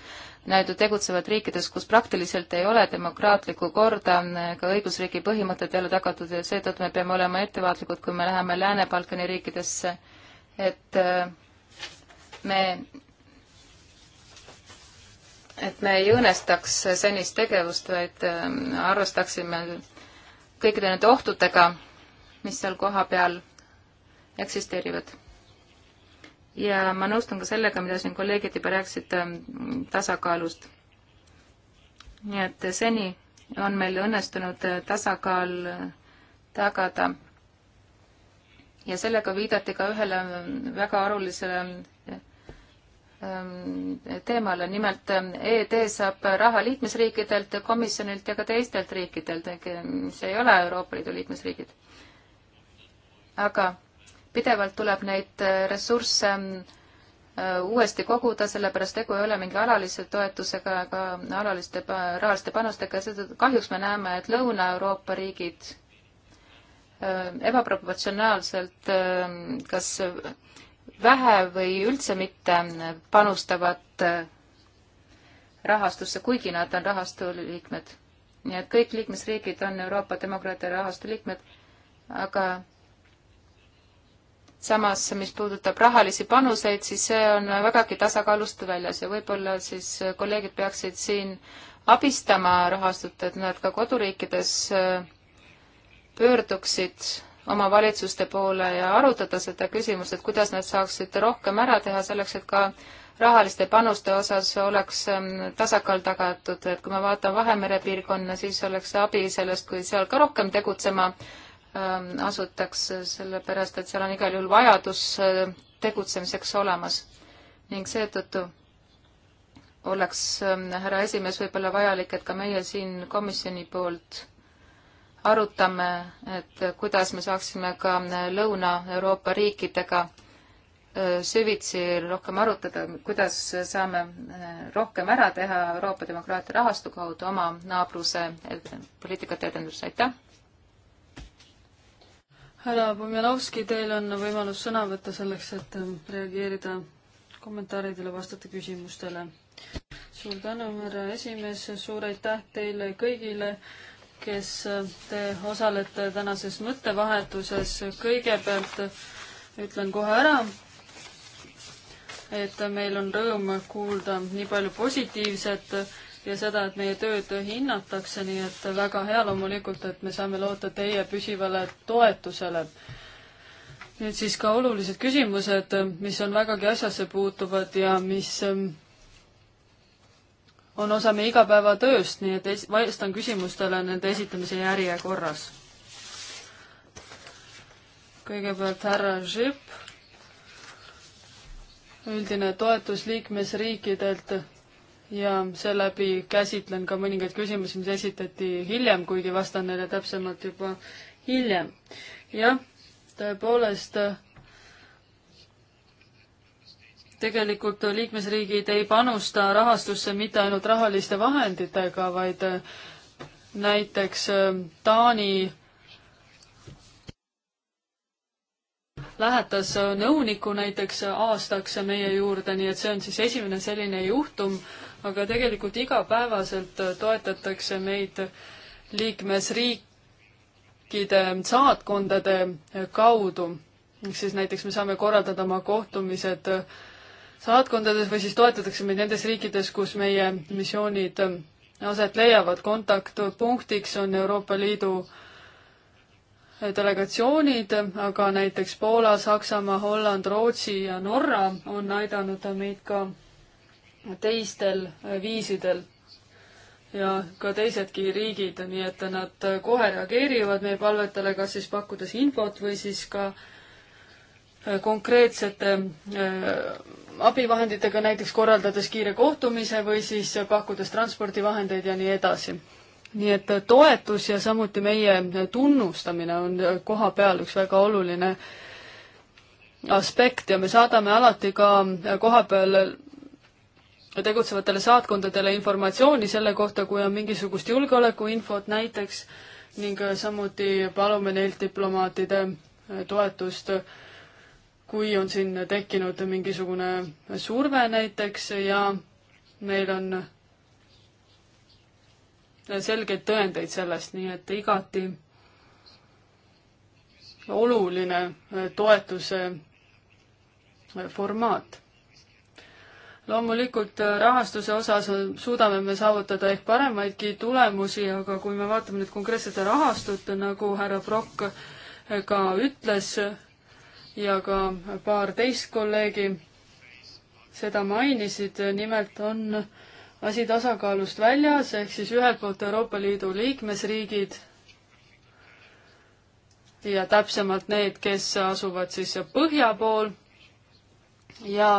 nad ju tegutsevad riikides, kus praktiliselt ei ole demokraatlikku korda, ka õigusriigi põhimõtted ei ole tagatud ja seetõttu me peame olema ettevaatlikud, kui me läheme Lääne-Balkani riikidesse, et äh, me, et me ei õõnestaks senist tegevust, vaid ähm, arvestaksime kõikide nende ohtudega, mis seal kohapeal eksisteerivad. ja ma nõustun ka sellega, mida siin kolleegid juba rääkisid ähm, tasakaalust. nii et seni on meil õnnestunud äh, tasakaal äh, tagada. ja sellega viidati ka ühele ähm, väga olulisele äh, Ähm, teemale. nimelt ähm, ED saab raha liikmesriikidelt, komisjonilt ja ka teistelt riikidelt, mis ähm, ei ole Euroopa Liidu liikmesriigid. aga pidevalt tuleb neid äh, ressursse äh, uuesti koguda, sellepärast tegu ei ole mingi alalise toetusega ega alaliste rahaliste panustega, seda kahjuks me näeme, et Lõuna-Euroopa riigid ebaproportsionaalselt kas vähe või üldse mitte panustavad äh, rahastusse, kuigi nad on rahastu liikmed. nii et kõik liikmesriigid on Euroopa demokraatia rahastu liikmed, aga samas, mis puudutab rahalisi panuseid, siis see on vägagi tasakaalust väljas ja võib-olla siis kolleegid peaksid siin abistama rahastut, et nad ka koduriikides äh, pöörduksid oma valitsuste poole ja arutada seda küsimust, et kuidas nad saaksid rohkem ära teha selleks, et ka rahaliste panuste osas oleks ähm, tasakaal tagatud, et kui ma vaatan Vahemere piirkonna, siis oleks abi sellest, kui seal ka rohkem tegutsema ähm, asutaks, sellepärast et seal on igal juhul vajadus äh, tegutsemiseks olemas. ning seetõttu oleks, ähm, härra esimees, võib-olla vajalik, et ka meie siin komisjoni poolt arutame, et kuidas me saaksime ka Lõuna-Euroopa riikidega äh, süvitsi rohkem arutada, kuidas saame äh, rohkem ära teha Euroopa demokraatia rahastu kaudu oma naabruse poliitikate edendusse, aitäh! härra Pomjanovski, teil on võimalus sõna võtta selleks, et ähm, reageerida kommentaaridele, vastata küsimustele. suur tänu, härra esimees, suur aitäh teile kõigile kes te osalete tänases mõttevahetuses. kõigepealt ütlen kohe ära, et meil on rõõm kuulda nii palju positiivset ja seda, et meie tööd hinnatakse, nii et väga hea loomulikult, et me saame loota teie püsivale toetusele. nüüd siis ka olulised küsimused, mis on vägagi asjasse puutuvad ja mis on osa meie igapäevatööst, nii et es-, vastan küsimustele nende esitamise järjekorras. kõigepealt härra Žip, üldine toetus liikmesriikidelt ja seeläbi käsitlen ka mõningaid küsimusi, mis esitati hiljem, kuigi vastan neile täpsemalt juba hiljem. jah, tõepoolest tegelikult liikmesriigid ei panusta rahastusse mitte ainult rahaliste vahenditega, vaid äh, näiteks äh, Taani lähetas äh, nõuniku näiteks aastaks meie juurde, nii et see on siis esimene selline juhtum, aga tegelikult igapäevaselt toetatakse meid liikmesriikide saatkondade kaudu. ehk siis näiteks me saame korraldada oma kohtumised äh, saatkondades või siis toetatakse meid nendes riikides, kus meie missioonid ähm, aset leiavad. kontaktpunktiks on Euroopa Liidu äh, delegatsioonid, aga näiteks Poola, Saksamaa, Holland, Rootsi ja Norra on aidanud meid ka teistel äh, viisidel ja ka teisedki riigid, nii et nad äh, kohe reageerivad meie palvetele, kas siis pakkudes infot või siis ka äh, konkreetsete äh, abivahenditega, näiteks korraldades kiire kohtumise või siis pakkudes transpordivahendeid ja nii edasi. nii et toetus ja samuti meie tunnustamine on koha peal üks väga oluline aspekt ja me saadame alati ka koha peal tegutsevatele saatkondadele informatsiooni selle kohta, kui on mingisugust julgeolekuinfot näiteks ning samuti palume neilt diplomaatide toetust äh, kui on siin tekkinud mingisugune surve näiteks ja meil on selgeid tõendeid sellest, nii et igati oluline toetuse formaat. loomulikult rahastuse osas suudame me saavutada ehk paremaidki tulemusi, aga kui me vaatame nüüd konkreetselt rahastut, nagu härra Prokk ka ütles, ja ka paar teist kolleegi seda mainisid, nimelt on asi tasakaalust väljas, ehk siis ühelt poolt Euroopa Liidu liikmesriigid ja täpsemalt need, kes asuvad siis põhja pool ja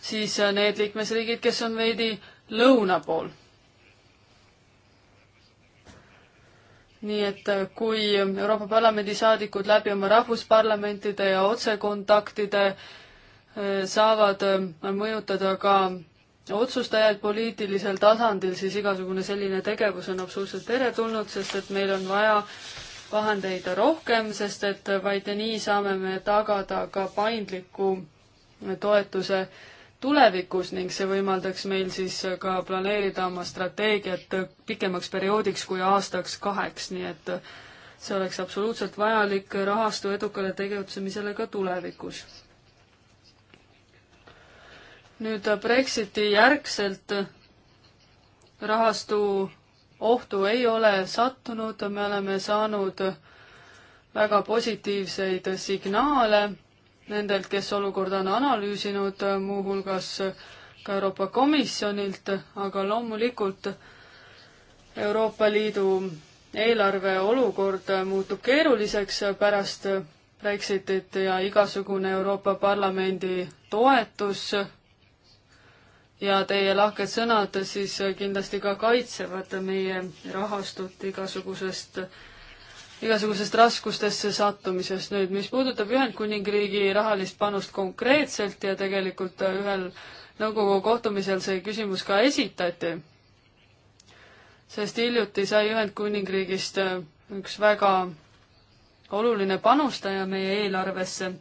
siis need liikmesriigid, kes on veidi lõuna pool nii et äh, kui Euroopa Parlamendi saadikud läbi oma rahvusparlamentide ja otsekontaktide äh, saavad äh, mõjutada ka otsustajaid poliitilisel tasandil, siis igasugune selline tegevus on absoluutselt teretulnud, sest et meil on vaja vahendeid rohkem, sest et vaid nii saame me tagada ka paindliku toetuse äh, tulevikus ning see võimaldaks meil siis ka planeerida oma strateegiat pikemaks perioodiks kui aastaks kaheks, nii et see oleks absoluutselt vajalik rahastu edukale tegutsemisele ka tulevikus. nüüd Brexiti järgselt rahastu ohtu ei ole sattunud, me oleme saanud väga positiivseid signaale nendelt, kes olukorda on analüüsinud, äh, muuhulgas äh, ka Euroopa Komisjonilt, aga loomulikult Euroopa Liidu eelarve olukord äh, muutub keeruliseks pärast Brexitit ja igasugune Euroopa Parlamendi toetus ja teie lahked sõnad siis kindlasti ka kaitsevad meie rahastut igasugusest äh, igasugusest raskustesse sattumisest nüüd, mis puudutab Ühendkuningriigi rahalist panust konkreetselt ja tegelikult äh, ühel nõukogu kohtumisel see küsimus ka esitati, sest hiljuti sai Ühendkuningriigist äh, üks väga oluline panustaja meie eelarvesse.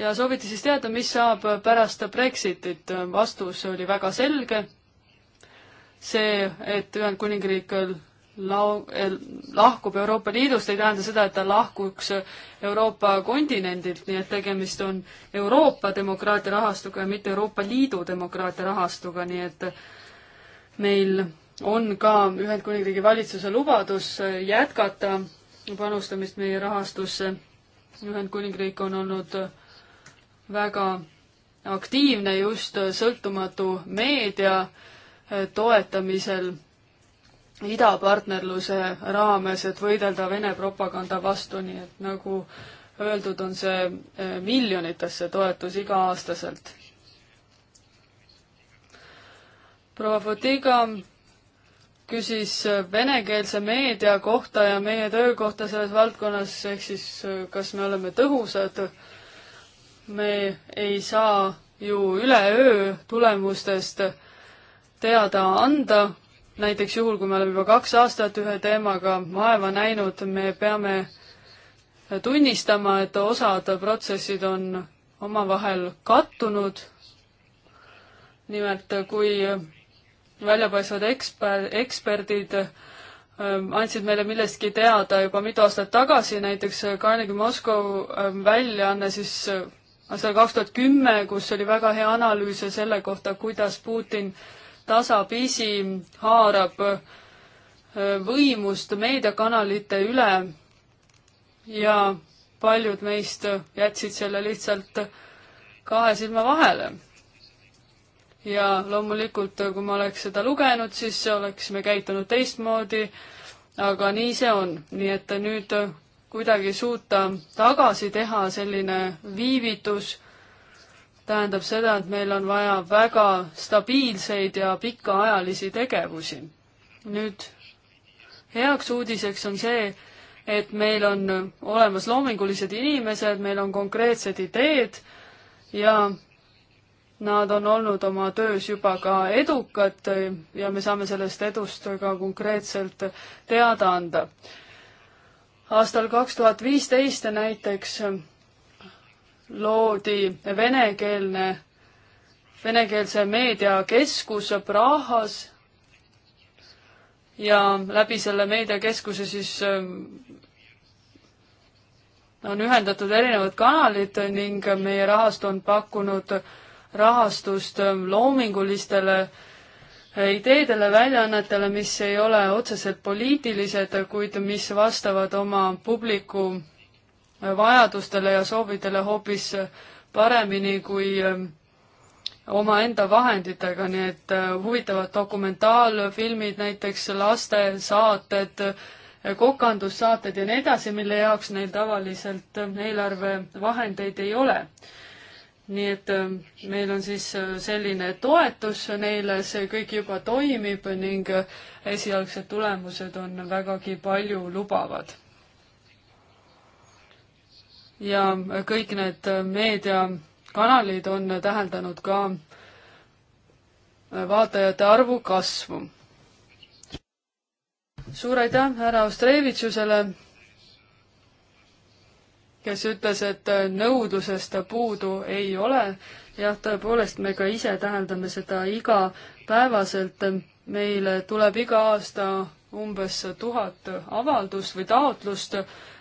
ja sooviti siis teada, mis saab pärast Brexitit, vastus oli väga selge see, et Ühendkuningriik lau-, eh, lahkub Euroopa Liidust, ei tähenda seda, et ta lahkuks Euroopa kontinendilt, nii et tegemist on Euroopa demokraatia rahastuga ja mitte Euroopa Liidu demokraatia rahastuga, nii et meil on ka Ühendkuningriigi valitsuse lubadus jätkata panustamist meie rahastusse. Ühendkuningriik on olnud väga aktiivne just sõltumatu meedia toetamisel idapartnerluse raames, et võidelda Vene propaganda vastu, nii et nagu öeldud, on see eh, miljonitesse toetus iga-aastaselt. proua Fotiga küsis venekeelse meedia kohta ja meie töö kohta selles valdkonnas, ehk siis eh, kas me oleme tõhusad. me ei saa ju üleöö tulemustest teada anda, näiteks juhul, kui me oleme juba kaks aastat ühe teemaga vaeva näinud, me peame tunnistama, et osad protsessid on omavahel kattunud. nimelt, kui väljapaistvad eksper-, eksperdid ähm, andsid meile millestki teada juba mitu aastat tagasi, näiteks Carnegie Moscow ähm, väljaanne siis äh, aastal kaks tuhat kümme, kus oli väga hea analüüs selle kohta, kuidas Putin äh, tasapisi haarab äh, võimust meediakanalite üle ja paljud meist jätsid selle lihtsalt kahe silma vahele. ja loomulikult, kui ma oleks seda lugenud, siis oleksime käitunud teistmoodi, aga nii see on, nii et nüüd kuidagi suuta tagasi teha selline viivitus tähendab seda, et meil on vaja väga stabiilseid ja pikaajalisi tegevusi. nüüd heaks uudiseks on see, et meil on olemas loomingulised inimesed, meil on konkreetsed ideed ja nad on olnud oma töös juba ka edukad ja me saame sellest edust ka konkreetselt teada anda. aastal kaks tuhat viisteist näiteks loodi venekeelne, venekeelse meediakeskus Prahas ja läbi selle meediakeskuse siis ähm, on ühendatud erinevad kanalid ning meie rahast on pakkunud rahastust ähm, loomingulistele äh, ideedele, väljaannetele, mis ei ole otseselt poliitilised, kuid mis vastavad oma publiku vajadustele ja soovidele hoopis paremini kui ähm, omaenda vahenditega, nii et äh, huvitavad dokumentaalfilmid, näiteks lastesaated, äh, kokandussaated ja nii edasi, mille jaoks neil tavaliselt äh, eelarvevahendeid ei ole. nii et ähm, meil on siis selline toetus neile, see kõik juba toimib ning esialgsed tulemused on vägagi paljulubavad ja kõik need meediakanalid on täheldanud ka vaatajate arvu kasvu. suur aitäh härra Ostrevitšusele, kes ütles, et nõudlusest puudu ei ole. jah, tõepoolest, me ka ise täheldame seda igapäevaselt. meile tuleb iga aasta umbes tuhat avaldust või taotlust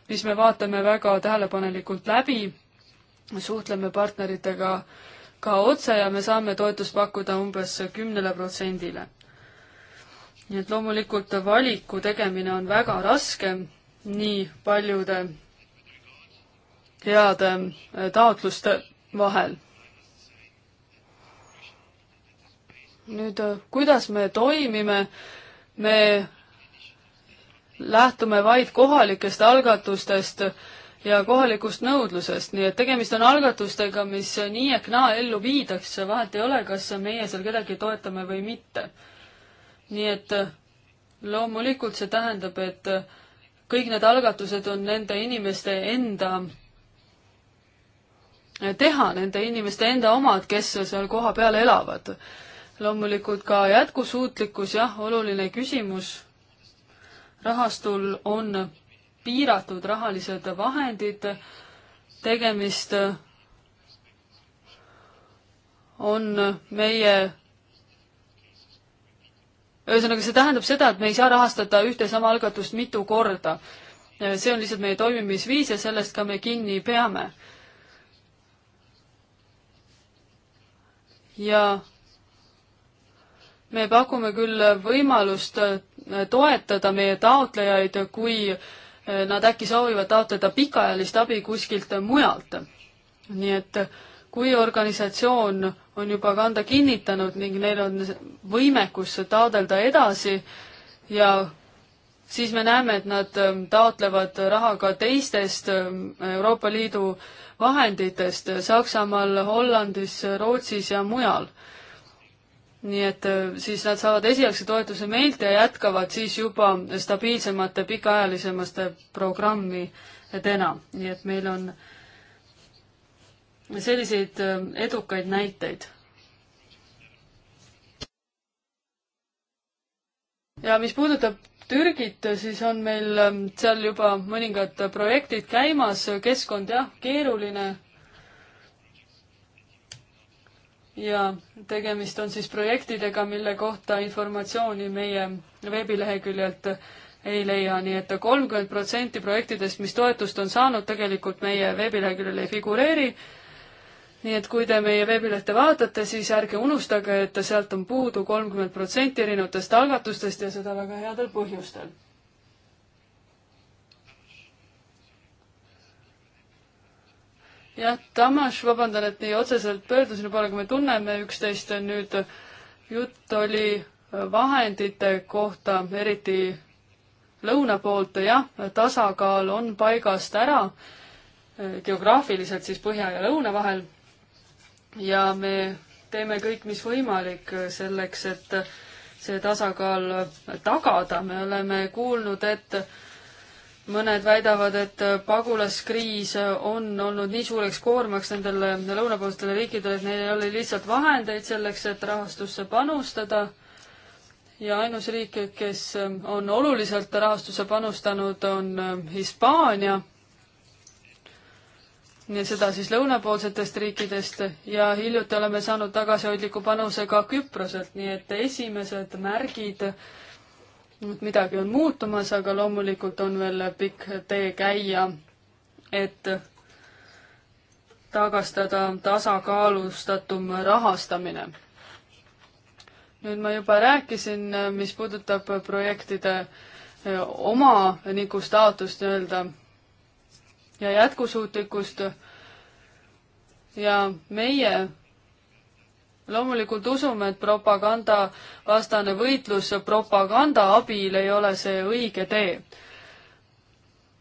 mis me vaatame väga tähelepanelikult läbi, suhtleme partneritega ka otse ja me saame toetust pakkuda umbes kümnele protsendile. nii et loomulikult valiku tegemine on väga raske nii paljude heade äh, taotluste vahel. nüüd, äh, kuidas me toimime? me lähtume vaid kohalikest algatustest ja kohalikust nõudlusest, nii et tegemist on algatustega, mis nii ehk naa ellu viidakse, vahet ei ole, kas meie seal kedagi toetame või mitte. nii et loomulikult see tähendab, et kõik need algatused on nende inimeste enda teha, nende inimeste enda omad, kes seal kohapeal elavad. loomulikult ka jätkusuutlikkus, jah, oluline küsimus rahastul on piiratud rahalised vahendid, tegemist on meie ühesõnaga, see tähendab seda, et me ei saa rahastada ühte sama algatust mitu korda. see on lihtsalt meie toimimisviis ja sellest ka me kinni peame. ja me pakume küll võimalust toetada meie taotlejaid, kui eh, nad äkki soovivad taotleda pikaajalist abi kuskilt mujalt. nii et kui organisatsioon on juba kanda kinnitanud ning neil on võimekus taodelda edasi ja siis me näeme, et nad eh, taotlevad raha ka teistest eh, Euroopa Liidu vahenditest Saksamaal, Hollandis, Rootsis ja mujal nii et äh, siis nad saavad esialgse toetuse meilt ja jätkavad siis juba stabiilsemate pikaajalisemate programmidena, nii et meil on selliseid äh, edukaid näiteid. ja mis puudutab Türgit, siis on meil äh, seal juba mõningad projektid käimas, keskkond jah, keeruline ja tegemist on siis projektidega, mille kohta informatsiooni meie veebileheküljelt ei leia, nii et kolmkümmend protsenti projektidest, mis toetust on saanud, tegelikult meie veebileheküljel ei figureeri. nii et kui te meie veebilehte vaatate, siis ärge unustage, et sealt on puudu kolmkümmend protsenti erinevatest algatustest ja seda väga headel põhjustel jah, Tamas, vabandan, et nii otseselt pöördusin, juba aga me tunneme üksteist, nüüd jutt oli äh, vahendite kohta, eriti lõuna poolt, jah, tasakaal on paigast ära, äh, geograafiliselt siis põhja ja lõuna vahel. ja me teeme kõik, mis võimalik äh, selleks, et see tasakaal tagada, me oleme kuulnud, et mõned väidavad, et pagulaskriis on olnud nii suureks koormaks nendele lõunapoolsetele riikidele, et neil ei ole lihtsalt vahendeid selleks, et rahastusse panustada. ja ainus riik, kes on oluliselt rahastusse panustanud, on Hispaania. ja seda siis lõunapoolsetest riikidest ja hiljuti oleme saanud tagasihoidliku panuse ka Küproselt, nii et esimesed märgid äh, midagi on muutumas, aga loomulikult on veel pikk tee käia, et tagastada tasakaalustatum rahastamine. nüüd ma juba rääkisin, mis puudutab projektide eh, omaniku staatust nii-öelda ja jätkusuutlikkust ja meie loomulikult usume, et propagandavastane võitlus propaganda abil ei ole see õige tee.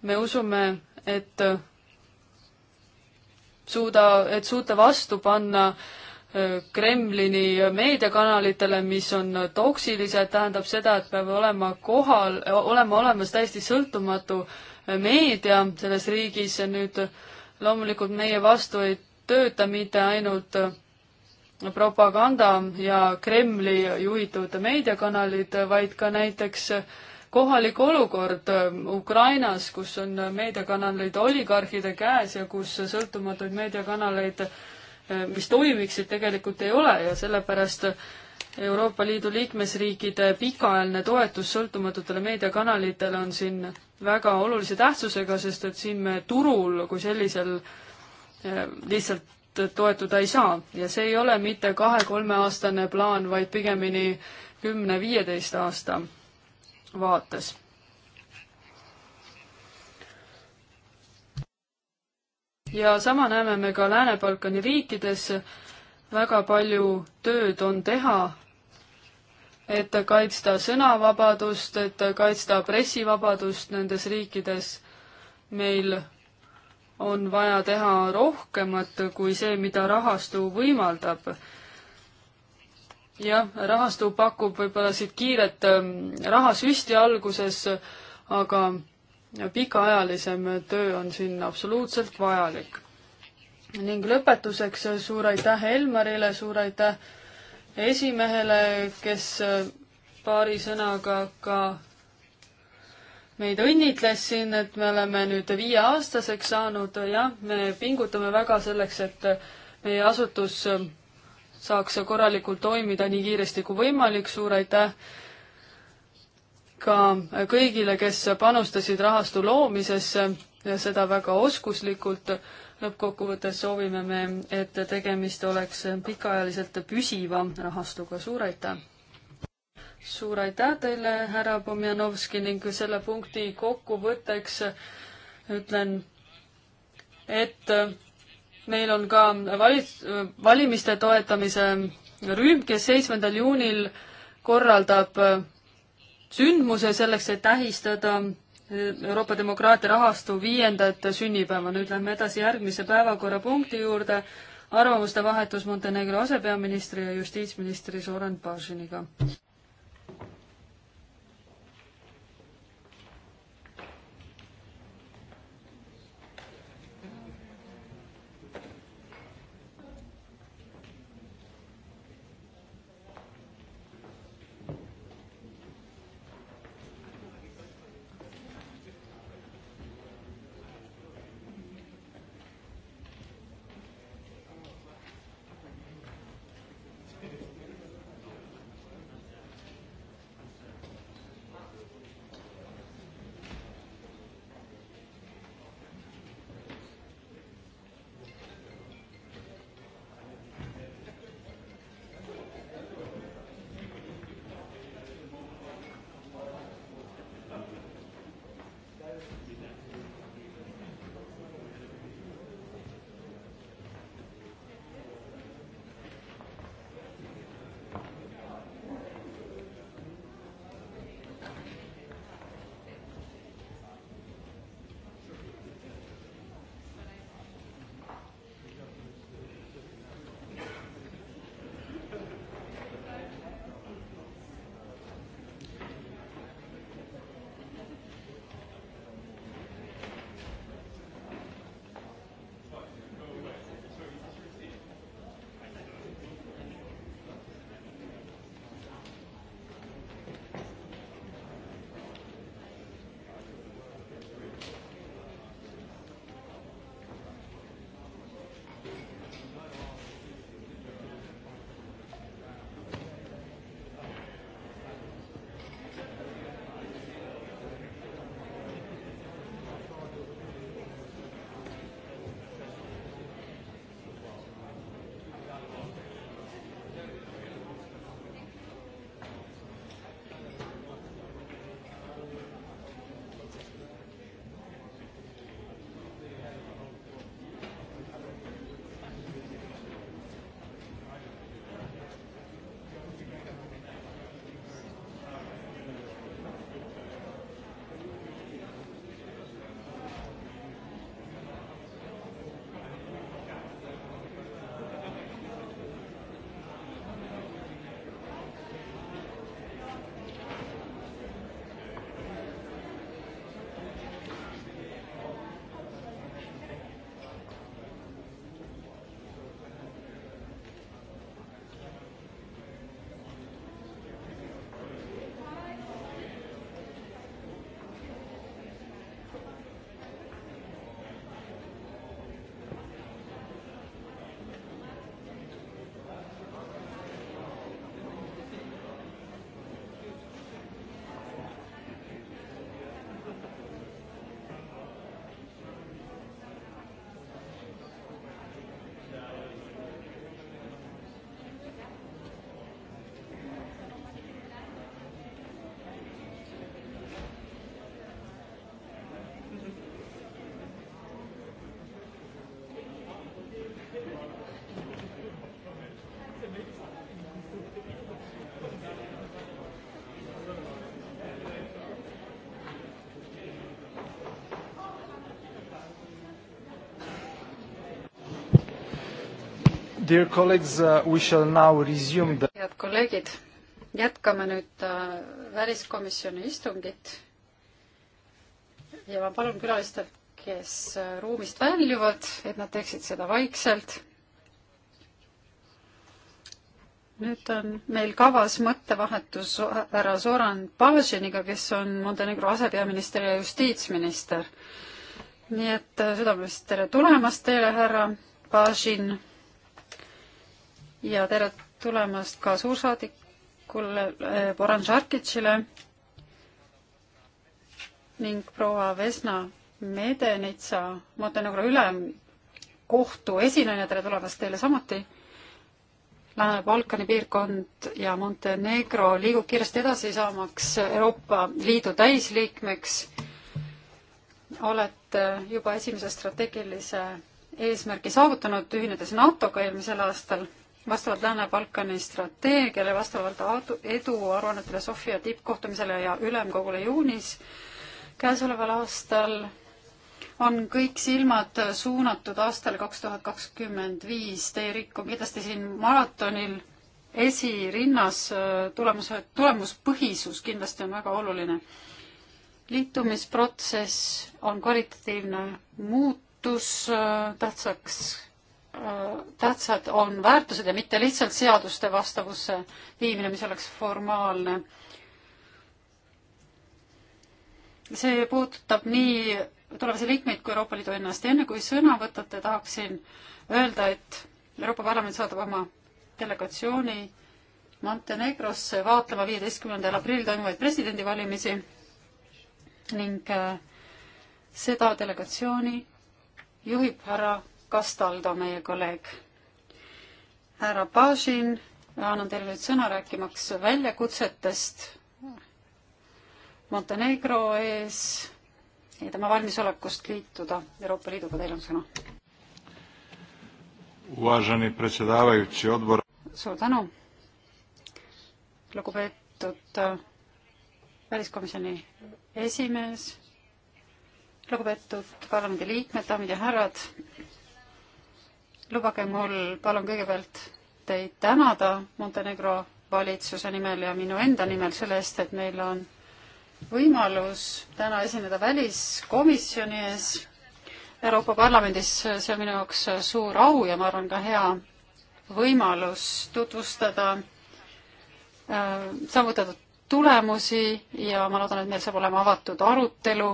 me usume, et suuda, et suuta vastu panna äh, Kremlini meediakanalitele, mis on toksilised, tähendab seda, et peab olema kohal, olema olemas täiesti sõltumatu äh, meedia selles riigis, nüüd loomulikult meie vastu ei tööta mitte ainult äh, propaganda ja Kremli juhitud meediakanalid, vaid ka näiteks kohalik olukord Ukrainas, kus on meediakanaleid oligarhide käes ja kus sõltumatuid meediakanaleid, eh, mis toimiksid, tegelikult ei ole ja sellepärast Euroopa Liidu liikmesriikide pikaajaline toetus sõltumatutele meediakanalitele on siin väga olulise tähtsusega, sest et siin me turul kui sellisel eh, lihtsalt toetuda ei saa ja see ei ole mitte kahe-kolmeaastane plaan, vaid pigemini kümne-viieteist aasta vaates. ja sama näeme me ka Lääne-Balkani riikides, väga palju tööd on teha, et kaitsta sõnavabadust, et kaitsta pressivabadust nendes riikides. meil on vaja teha rohkemat kui see, mida rahastu võimaldab. jah, rahastu pakub võib-olla siit kiiret ähm, rahasüsti alguses, aga pikaajalisem töö on siin absoluutselt vajalik. ning lõpetuseks suur aitäh Elmarile, suur aitäh esimehele, kes äh, paari sõnaga ka meid õnnitles siin, et me oleme nüüd viieaastaseks saanud, jah, me pingutame väga selleks, et meie asutus saaks korralikult toimida nii kiiresti kui võimalik, suur aitäh ka kõigile, kes panustasid rahastu loomisesse ja seda väga oskuslikult. lõppkokkuvõttes soovime me, et tegemist oleks pikaajaliselt püsiva rahastuga, suur aitäh! suur aitäh teile, härra Pomjanovski ning selle punkti kokkuvõtteks ütlen, et meil on ka valis-, valimiste toetamise rühm, kes seitsmendal juunil korraldab sündmuse selleks, et tähistada Euroopa demokraatia rahastu viiendat sünnipäeva. nüüd lähme edasi järgmise päevakorrapunkti juurde. arvamuste vahetus Montenegro asepeaministri ja justiitsministri Soren Pažiniga. Dear colleagues, uh, we shall now resume the head kolleegid, jätkame nüüd äh, väliskomisjoni istungit ja ma palun külalistel, kes äh, ruumist väljuvad, et nad teeksid seda vaikselt. nüüd on meil kavas mõttevahetus härra Zoran Pažiniga, kes on Montenegro asepeaminister ja justiitsminister. nii et äh, südamest tere tulemast teile, härra Pažin ja tere tulemast ka suursaadikule eh, Boran Žarkitšile ning proua Vesna Medenitsa, Montenegro ülemkohtu esinaine, tere tulemast teile samuti. Lääne-Balkani piirkond ja Montenegro liigub kiiresti edasi, saamaks Euroopa Liidu täisliikmeks. olete juba esimese strateegilise eesmärgi saavutanud, ühinedes NATO-ga eelmisel aastal vastavalt Lääne-Balkani strateegiale, vastavalt edu aruannetele Sofia tippkohtumisele ja ülemkogule juunis käesoleval aastal on kõik silmad suunatud aastale kaks tuhat kakskümmend viis. Teie riik on kindlasti siin maratonil esirinnas, äh, tulemuse, tulemuspõhisus kindlasti on väga oluline. liitumisprotsess on kvalitatiivne muutus, äh, tähtsaks tähtsad on väärtused ja mitte lihtsalt seaduste vastavusse viimine, mis oleks formaalne. see puudutab nii tulevasi liikmeid kui Euroopa Liidu ennast ja enne kui sõna võtate, tahaksin öelda, et Euroopa Parlament saadab oma delegatsiooni Montenegrosse vaatlema viieteistkümnendal aprillil toimuvaid presidendivalimisi ning äh, seda delegatsiooni juhib härra Kastaldo, meie kolleeg. härra Bažin, annan teile nüüd sõna rääkimaks väljakutsetest Montenegro ees ja tema valmisolekust liituda Euroopa Liiduga, teil on sõna. suur tänu, lugupeetud äh, väliskomisjoni esimees, lugupeetud parlamendiliikmed, daamid ja härrad lubage mul palun kõigepealt teid tänada Montenegro valitsuse nimel ja minu enda nimel selle eest, et meil on võimalus täna esineda väliskomisjoni ees Euroopa Parlamendis. see on minu jaoks suur au ja ma arvan ka hea võimalus tutvustada äh, saavutatud tulemusi ja ma loodan, et meil saab olema avatud arutelu,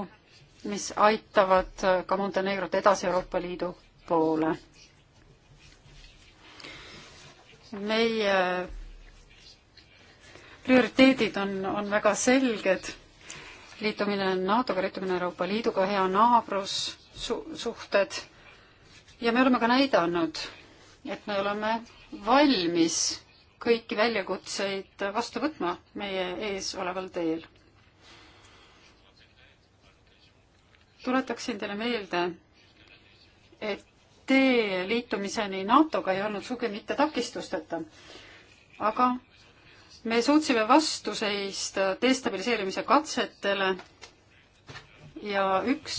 mis aitavad ka Montenegrot edasi Euroopa Liidu poole meie äh, prioriteedid on, on väga selged. liitumine NATO-ga, liitumine Euroopa Liiduga, hea naabrus su, suhted ja me oleme ka näidanud, et me oleme valmis kõiki väljakutseid vastu võtma meie ees oleval teel. tuletaksin teile meelde, et tee liitumiseni NATO-ga ei olnud sugugi mitte takistusteta. aga me suutsime vastu seista destabiliseerimise katsetele ja üks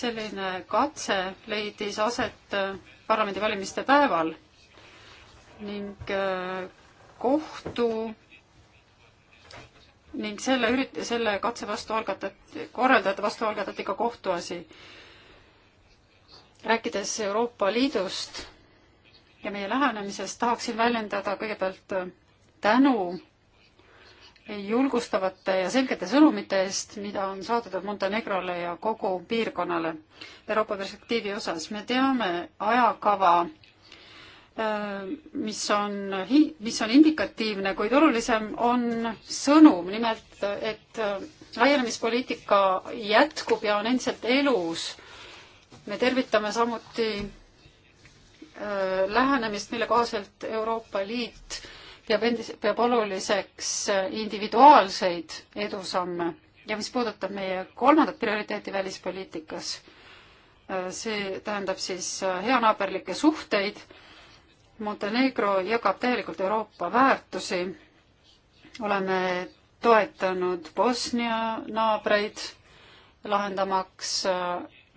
selline katse leidis aset parlamendivalimiste päeval ning äh, kohtu ning selle ürit-, selle katse vastu algatati, korraldajate vastu algatati ka kohtuasi rääkides Euroopa Liidust ja meie lähenemisest, tahaksin väljendada kõigepealt äh, tänu julgustavate ja selgete sõnumite eest, mida on saadetud Montenegrole ja kogu piirkonnale Euroopa perspektiivi osas. me teame ajakava, äh, mis on, mis on indikatiivne, kuid olulisem on sõnum, nimelt et äh, laienemispoliitika jätkub ja on endiselt elus me tervitame samuti äh, lähenemist, mille kohaselt Euroopa Liit peab endis, peab oluliseks äh, individuaalseid edusamme ja mis puudutab meie kolmandat prioriteeti välispoliitikas, äh, see tähendab siis heanaaberlikke suhteid. Montenegro jagab täielikult Euroopa väärtusi. oleme toetanud Bosnia naabreid, lahendamaks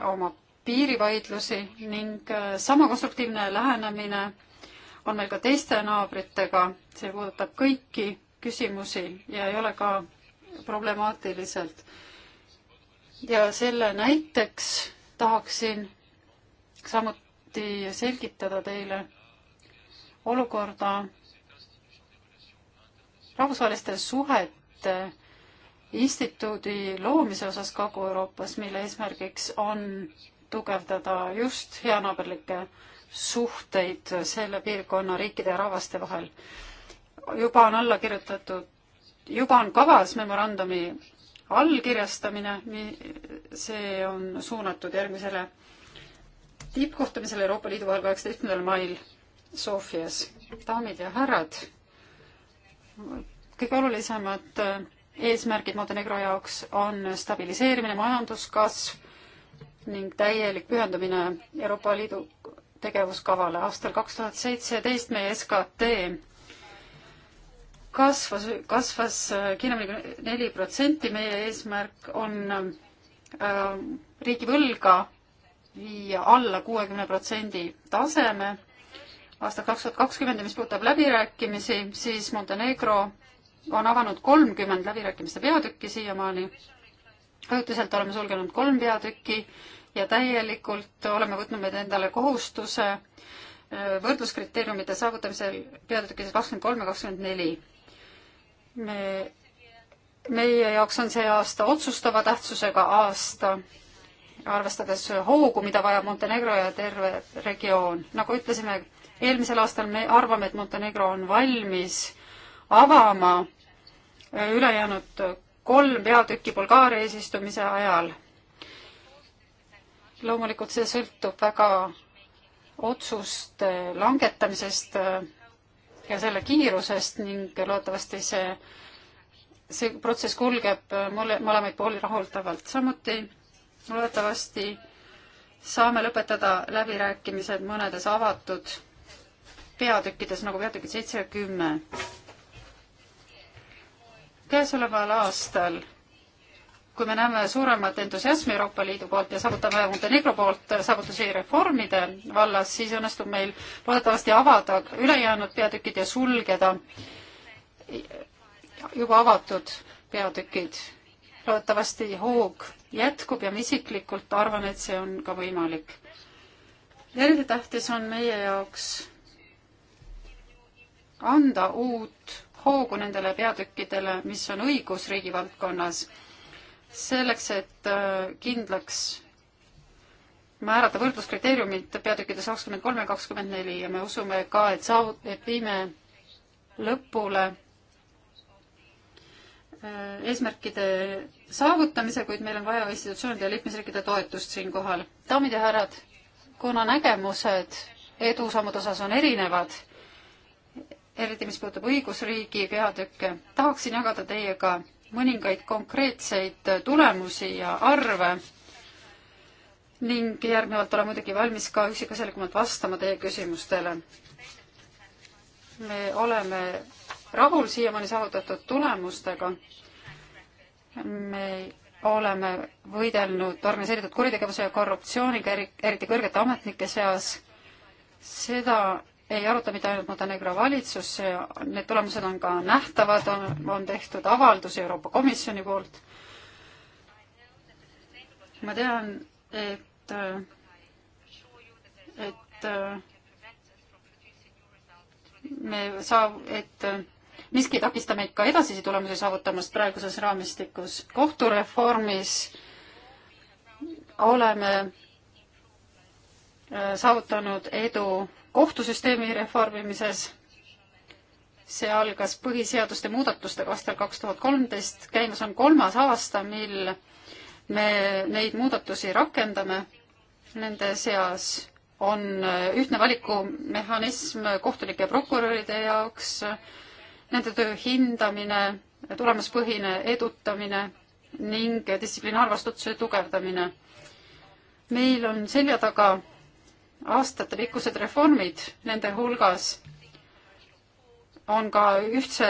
oma piirivaidlusi ning äh, sama konstruktiivne lähenemine on meil ka teiste naabritega, see puudutab kõiki küsimusi ja ei ole ka problemaatiliselt. ja selle näiteks tahaksin samuti selgitada teile olukorda rahvusvaheliste suhete instituudi loomise osas Kagu-Euroopas, mille eesmärgiks on tugevdada just heanaaberlikke suhteid selle piirkonna riikide ja rahvaste vahel. juba on alla kirjutatud, juba on kavas memorandumi allkirjastamine, see on suunatud järgmisele tippkohtumisele Euroopa Liidu vahel kaheksateistkümnendal mail Sofias. daamid ja härrad, kõige olulisemad eesmärgid Montenegro jaoks on stabiliseerimine, majanduskasv, ning täielik pühendumine Euroopa Liidu tegevuskavale. aastal kaks tuhat seitseteist meie SKT kasvas, kasvas äh, kiiremini kui neli protsenti, meie eesmärk on äh, riigivõlga viia alla kuuekümne protsendi taseme aastal kaks tuhat kakskümmend ja mis puudutab läbirääkimisi, siis Montenegro on avanud kolmkümmend läbirääkimiste peatükki siiamaani ajutiselt oleme sulgenud kolm peatükki ja täielikult oleme võtnud endale kohustuse äh, võrdluskriteeriumite saavutamisel peatükkides kakskümmend kolm ja kakskümmend neli. me, meie jaoks on see aasta otsustava tähtsusega aasta, arvestades hoogu, mida vajab Montenegro ja terve regioon. nagu ütlesime, eelmisel aastal me arvame, et Montenegro on valmis avama äh, ülejäänud kolm peatükki Bulgaaria eesistumise ajal. loomulikult see sõltub väga otsuste langetamisest äh, ja selle kiirusest ning loodetavasti see, see protsess kulgeb äh, mulle, mõlemaid pooli rahuldavalt. samuti loodetavasti saame lõpetada läbirääkimised mõnedes avatud peatükkides, nagu peatükid seitse ja kümme käesoleval aastal, kui me näeme suuremat entusiasmi Euroopa Liidu poolt ja saavutame Montenegro poolt saavutusi reformide vallas, siis õnnestub meil loodetavasti avada ülejäänud peatükid ja sulgeda juba avatud peatükid. loodetavasti hoog jätkub ja ma isiklikult arvan, et see on ka võimalik. eriti tähtis on meie jaoks anda uut hoogu nendele peatükkidele, mis on õigusriigi valdkonnas, selleks, et äh, kindlaks määrata võrdluskriteeriumid peatükkides kakskümmend kolm ja kakskümmend neli ja me usume ka, et saavut-, et viime lõpule äh, eesmärkide saavutamise, kuid meil on vaja institutsioonide ja liikmesriikide toetust siinkohal. daamid ja härrad, kuna nägemused edusammude osas on erinevad, eriti mis puudutab õigusriigi peatükke. tahaksin jagada teiega mõningaid konkreetseid tulemusi ja arve ning järgnevalt olen muidugi valmis ka üksikasjalikumalt vastama teie küsimustele. me oleme rahul siiamaani saavutatud tulemustega. me oleme võidelnud organiseeritud kuritegevuse ja korruptsiooniga, eriti kõrgete ametnike seas. seda ei aruta mitte ainult Montenegro valitsus, need tulemused on ka nähtavad, on, on tehtud avaldus Euroopa Komisjoni poolt. ma tean, et, et me saa-, et miski ei takista meid ka edasisi tulemusi saavutamast praeguses raamistikus. kohtureformis oleme äh, saavutanud edu kohtusüsteemi reformimises. see algas põhiseaduste muudatustega aastal kaks tuhat kolmteist, käimas on kolmas aasta, mil me neid muudatusi rakendame. Nende seas on ühtne valikumehhanism kohtunike ja prokuröride jaoks, nende töö hindamine, tulemuspõhine edutamine ning distsiplinaarvastutuse tugevdamine. meil on selja taga aastatepikkused reformid, nende hulgas on ka ühtse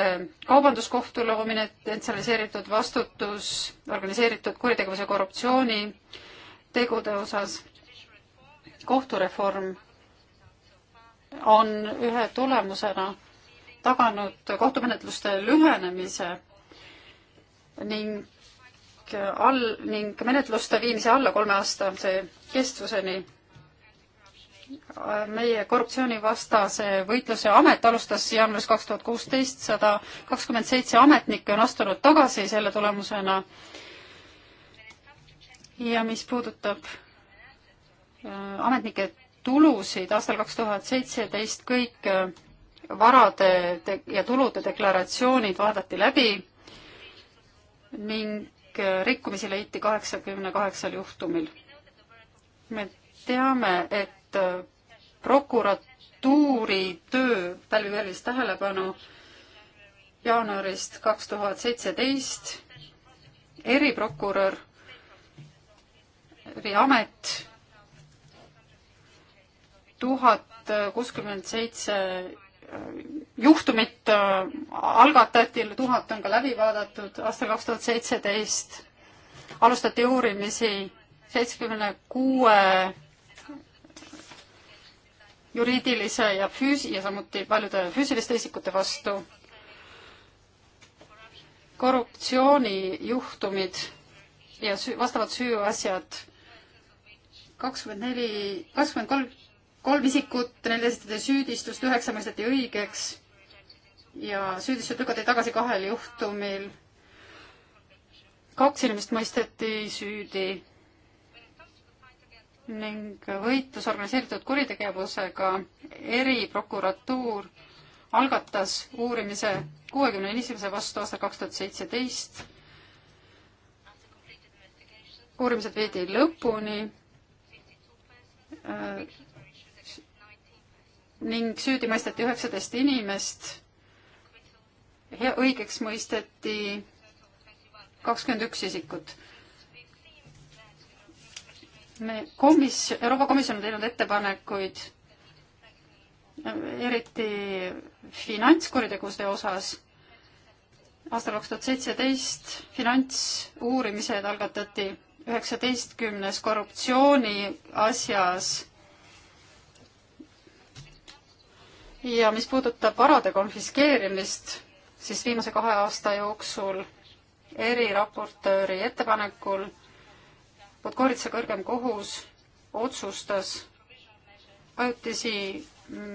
kaubanduskohtu loomine, tsentraliseeritud vastutus organiseeritud kuritegevuse korruptsiooni tegude osas. kohtureform on ühe tulemusena taganud kohtumenetluste lühenemise ning all, ning menetluste viimise alla kolme aastase kestvuseni meie korruptsioonivastase võitluse amet alustas jaanuaris kaks tuhat kuusteist, sada kakskümmend seitse ametnikke on astunud tagasi selle tulemusena. ja mis puudutab äh, ametnike tulusid aastal kaks tuhat seitseteist, kõik äh, varade ja tulude deklaratsioonid vaadati läbi ning äh, rikkumisi leiti kaheksakümne kaheksal juhtumil. me teame, et et äh, prokuratuuri töö pälvib erilist tähelepanu jaanuarist kaks tuhat seitseteist. eriprokurör, eriamet, tuhat kuuskümmend seitse äh, juhtumit äh, algatati, tuhat on ka läbi vaadatud, aastal kaks tuhat seitseteist alustati uurimisi seitsmekümne kuue juriidilise ja füüs- ja samuti paljude füüsiliste isikute vastu. korruptsioonijuhtumid ja süü, vastavad süüasjad kakskümmend neli, kakskümmend kolm, kolm isikut, neile esitati süüdistust, üheksa mõisteti õigeks ja süüdistused lükati tagasi kahel juhtumil. kaks inimest mõisteti süüdi ning võitlus organiseeritud kuritegevusega eriprokuratuur algatas uurimise kuuekümne inimese vastu aastal kaks tuhat seitseteist. uurimised viidi lõpuni äh, ning süüdi mõisteti üheksateist inimest. õigeks mõisteti kakskümmend üks isikut me komis-, Euroopa Komisjon on teinud ettepanekuid eriti finantskuritegude osas. aastal kaks tuhat seitseteist finantsuurimised algatati üheksateistkümnes korruptsiooni asjas. ja mis puudutab varade konfiskeerimist, siis viimase kahe aasta jooksul eriraportööri ettepanekul Podgoritsa kõrgem kohus otsustas ajutisi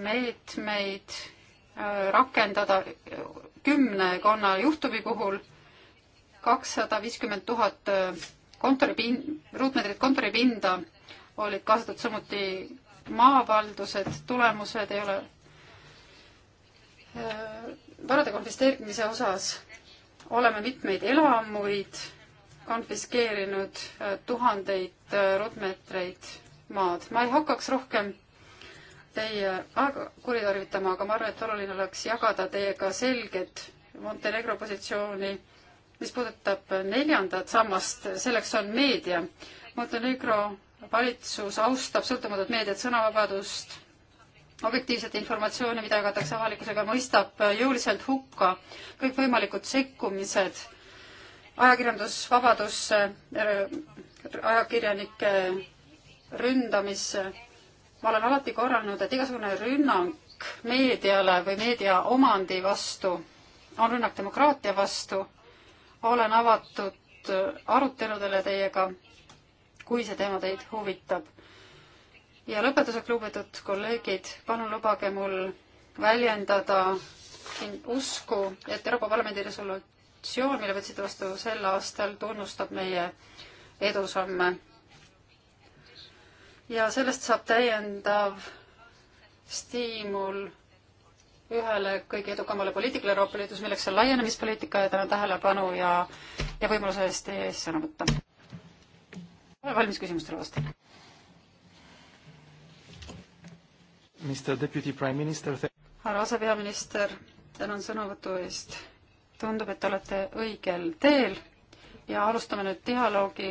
meetmeid äh, rakendada kümnekonna juhtumi puhul kakssada viiskümmend tuhat äh, kontoripin-, ruutmeetrit kontoripinda olid kaasatud samuti maavaldused, tulemused ei ole äh, varade konfiskeerimise osas oleme mitmeid elamuid konfiskeerinud äh, tuhandeid äh, ruutmeetreid maad. ma ei hakkaks rohkem teie aega kuritarvitama, aga ma arvan, et oluline oleks jagada teiega selget Montenegro positsiooni, mis puudutab neljandat sammast, selleks on meedia. Montenegro valitsus austab sõltumatut meediat, sõnavabadust, objektiivset informatsiooni, mida jagatakse avalikkusega, mõistab jõuliselt hukka kõikvõimalikud sekkumised ajakirjandusvabadusse, ajakirjanike ründamisse. ma olen alati korranud, et igasugune rünnak meediale või meedia omandi vastu on rünnak demokraatia vastu. olen avatud aruteludele teiega, kui see teema teid huvitab. ja lõpetuseks, lugupeetud kolleegid, palun lubage mul väljendada usku, et Euroopa Parlamendi resolut-, resolutsioon, mille võtsite vastu sel aastal, tunnustab meie edusamme. ja sellest saab täiendav stiimul ühele kõige edukamale poliitikale Euroopa Liidus, milleks on laienemispoliitika ja tänan tähelepanu ja, ja võimaluse eest teie ees sõna võtta. olen valmis küsimustele vastama. härra asepeaminister, tänan sõnavõtu eest tundub, et te olete õigel teel ja alustame nüüd dialoogi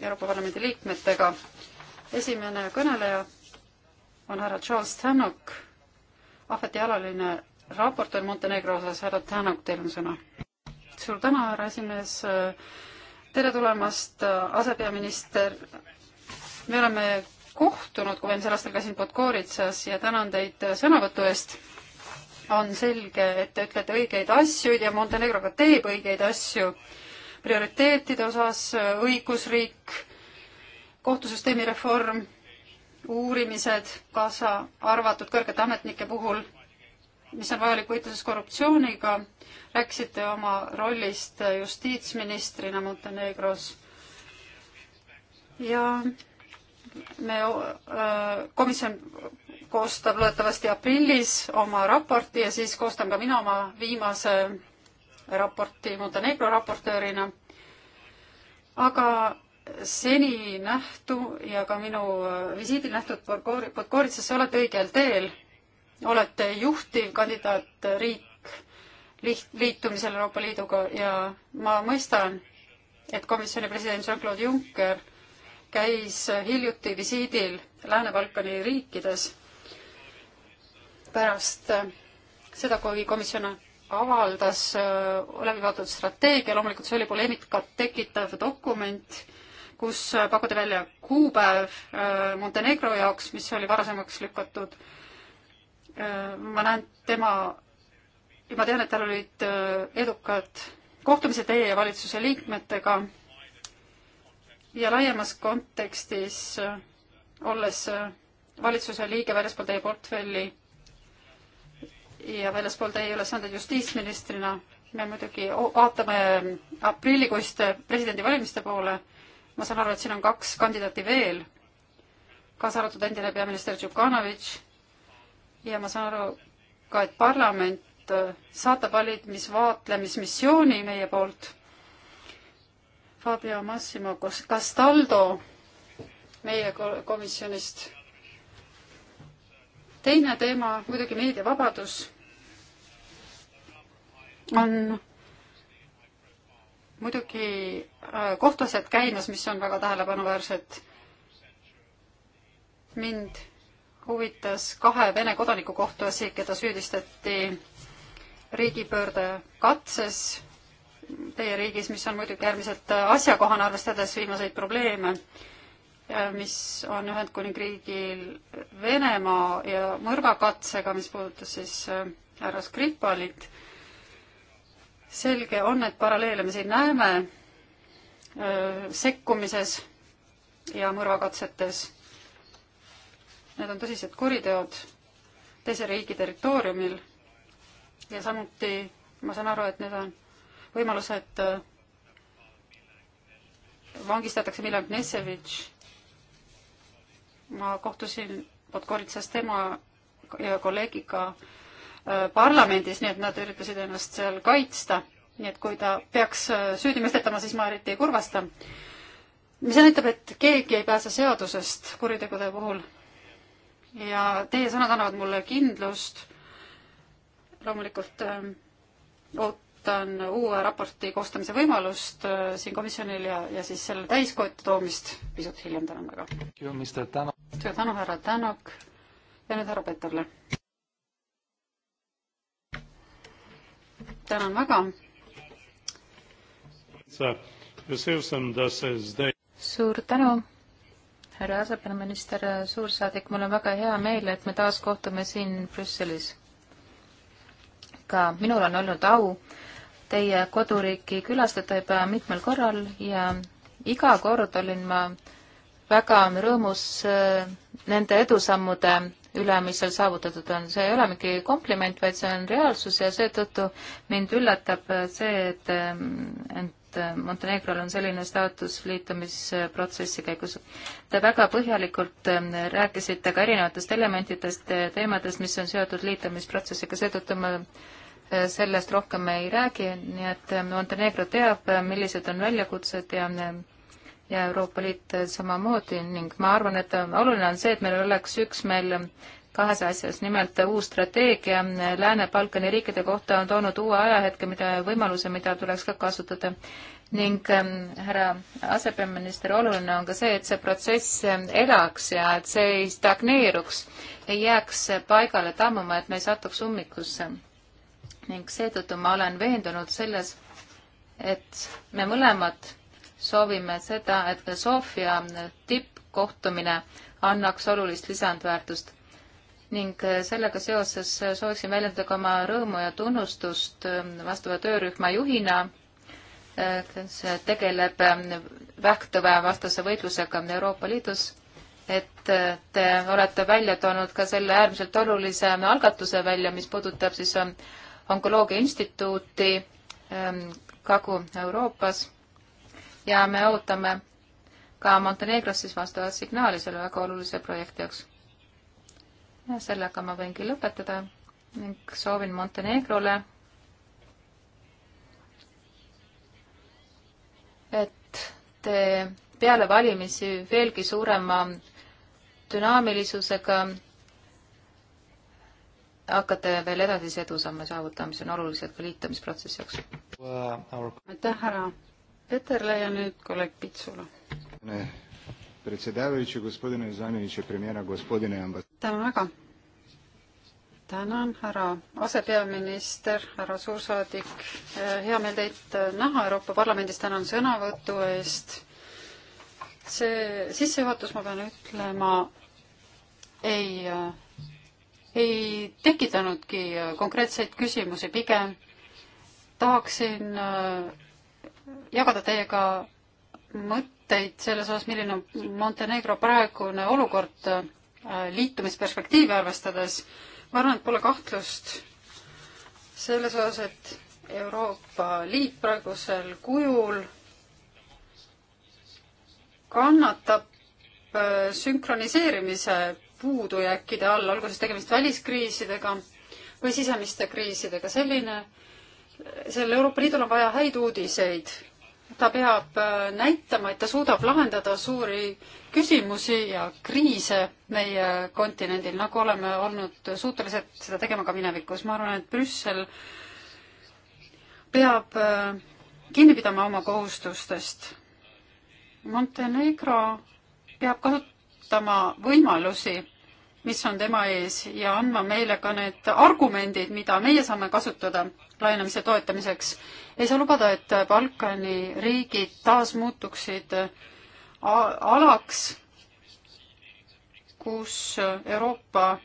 Euroopa Parlamendi liikmetega. esimene kõneleja on härra Charles Tannock, ahveti alaline raportöör Montenegro osas, härra Tannock, teil on sõna. suur tänu, härra esimees, tere tulemast, asepeaminister, me oleme kohtunud, kui ma eelmisel aastal käisin Podgoritsas ja tänan teid sõnavõtu eest on selge, et te ütlete õigeid asju ja Montenegro ka teeb õigeid asju prioriteetide osas, äh, õigusriik, kohtusüsteemi reform, uurimised, kaasa arvatud kõrgete ametnike puhul, mis on vajalik võitluses korruptsiooniga. rääkisite oma rollist äh, justiitsministrina Montenegros. ja me, äh, komisjon koostab loodetavasti aprillis oma raporti ja siis koostan ka mina oma viimase raporti Montenegro raportöörina. aga seni nähtu ja ka minu äh, visiidil nähtud Podgoritsesse olete õigel teel. olete juhtiv kandidaatriik liht-, liitumisel Euroopa Liiduga ja ma mõistan, et komisjoni president Jean-Claude Juncker käis hiljuti visiidil Lääne-Balkani riikides pärast äh, seda, kui komisjon avaldas äh, läbivaadatud strateegia, loomulikult see oli poleemikat tekitav dokument, kus äh, pakuti välja kuupäev Montenegro jaoks, mis oli varasemaks lükatud. ma näen tema, ma tean, et tal olid edukad kohtumised teie ja valitsuse liikmetega ja laiemas kontekstis, olles valitsuse liige väljaspool teie portfelli ja väljaspool teie ülesandeid justiitsministrina me muidugi vaatame aprillikuiste presidendivalimiste poole. ma saan aru, et siin on kaks kandidaati veel, kaasa arvatud endine peaminister Djukanovitš ja ma saan aru ka, et parlament äh, saata valimisvaatlemismissiooni meie poolt. Fabio Massimo Castaldo meie komisjonist. teine teema muidugi meediavabadus on muidugi äh, kohtuasjad käimas, mis on väga tähelepanuväärsed. mind huvitas kahe Vene kodaniku kohtuasi, keda süüdistati riigipöörde katses teie riigis, mis on muidugi äärmiselt äh, asjakohane, arvestades viimaseid probleeme, mis on Ühendkuningriigil Venemaa ja mõrvakatsega, mis puudutas siis äh, härra Skripalit selge on, et paralleele me siin näeme sekkumises ja mõrvakatsetes. Need on tõsised kuriteod teise riigi territooriumil ja samuti ma saan aru, et need on võimalused vangistatakse Milan Knesevitš. ma kohtusin Podgoritsas tema ja kolleegiga Äh, parlamendis, nii et nad üritasid ennast seal kaitsta. nii et kui ta peaks äh, süüdi mõistetama, siis ma eriti ei kurvasta. mis näitab, et keegi ei pääse seadusest kuritegude puhul. ja teie sõnad annavad mulle kindlust. loomulikult äh, ootan uue raporti koostamise võimalust äh, siin komisjonil ja, ja siis selle täiskotta toomist pisut hiljem, tänan väga. suur tänu, härra Tänak ja nüüd härra Peterle. tänan väga. suur tänu, härra asepeaminister, suursaadik, mul on väga hea meel, et me taas kohtume siin Brüsselis. ka minul on olnud au teie koduriiki külastada juba mitmel korral ja iga kord olin ma väga rõõmus äh, nende edusammude üle, mis seal saavutatud on. see ei ole mingi kompliment, vaid see on reaalsus ja seetõttu mind üllatab see, et, et Montenegrol on selline staatus liitumisprotsessi käigus. Te väga põhjalikult rääkisite ka erinevatest elementidest, teemadest, mis on seotud liitumisprotsessiga, seetõttu ma sellest rohkem ei räägi, nii et Montenegro teab, millised on väljakutsed ja ja Euroopa Liit samamoodi ning ma arvan, et oluline on see, et meil oleks üksmeel kahes asjas, nimelt uus strateegia Lääne-Balkani riikide kohta on toonud uue ajahetke, mida, võimaluse, mida tuleks ka kasutada. ning ähm, härra asepeaminister, oluline on ka see, et see protsess elaks ja et see ei stagneeruks, ei jääks paigale tammuma, et me ei satuks ummikusse. ning seetõttu ma olen veendunud selles, et me mõlemad soovime seda, et ka Sofia tippkohtumine annaks olulist lisandväärtust ning äh, sellega seoses äh, sooviksin väljendada ka oma rõõmu ja tunnustust ähm, vastava töörühma juhina, äh, kes tegeleb ähm, vähktõve vastase võitlusega Euroopa Liidus, et te olete välja toonud ka selle äärmiselt olulise algatuse välja, mis puudutab siis ähm, Onkoloogia Instituuti Kagu-Euroopas ja me ootame ka Montenegros siis vastavat signaali selle väga olulise projekti jaoks. ja sellega ma võingi lõpetada ning soovin Montenegrole, et te peale valimisi veelgi suurema dünaamilisusega hakkate veel edasisi edusamme saavutama, mis on olulised ka liitumisprotsessi jaoks. aitäh, härra Peterle ja nüüd kolleeg Pitsula. tänan väga. tänan, härra asepeaminister, härra suursaadik, hea meel teid näha Euroopa Parlamendis, tänan sõnavõtu eest. see sissejuhatus, ma pean ütlema, ei, ei tekitanudki konkreetseid küsimusi, pigem tahaksin jagada teiega mõtteid selles osas, milline on Montenegro praegune olukord äh, liitumisperspektiivi arvestades. ma arvan, et pole kahtlust selles osas, et Euroopa Liit praegusel kujul kannatab äh, sünkroniseerimise puudujääkide all, olgu siis tegemist väliskriisidega või sisemiste kriisidega, selline äh, sel Euroopa Liidul on vaja häid uudiseid. ta peab äh, näitama, et ta suudab lahendada suuri küsimusi ja kriise meie kontinendil, nagu oleme olnud suutelised seda tegema ka minevikus. ma arvan, et Brüssel peab äh, kinni pidama oma kohustustest. Montenegro peab kasutama võimalusi mis on tema ees ja andma meile ka need argumendid, mida meie saame kasutada laienemise toetamiseks. ei saa lubada, et Balkani riigid taas muutuksid alaks, kus Euroopa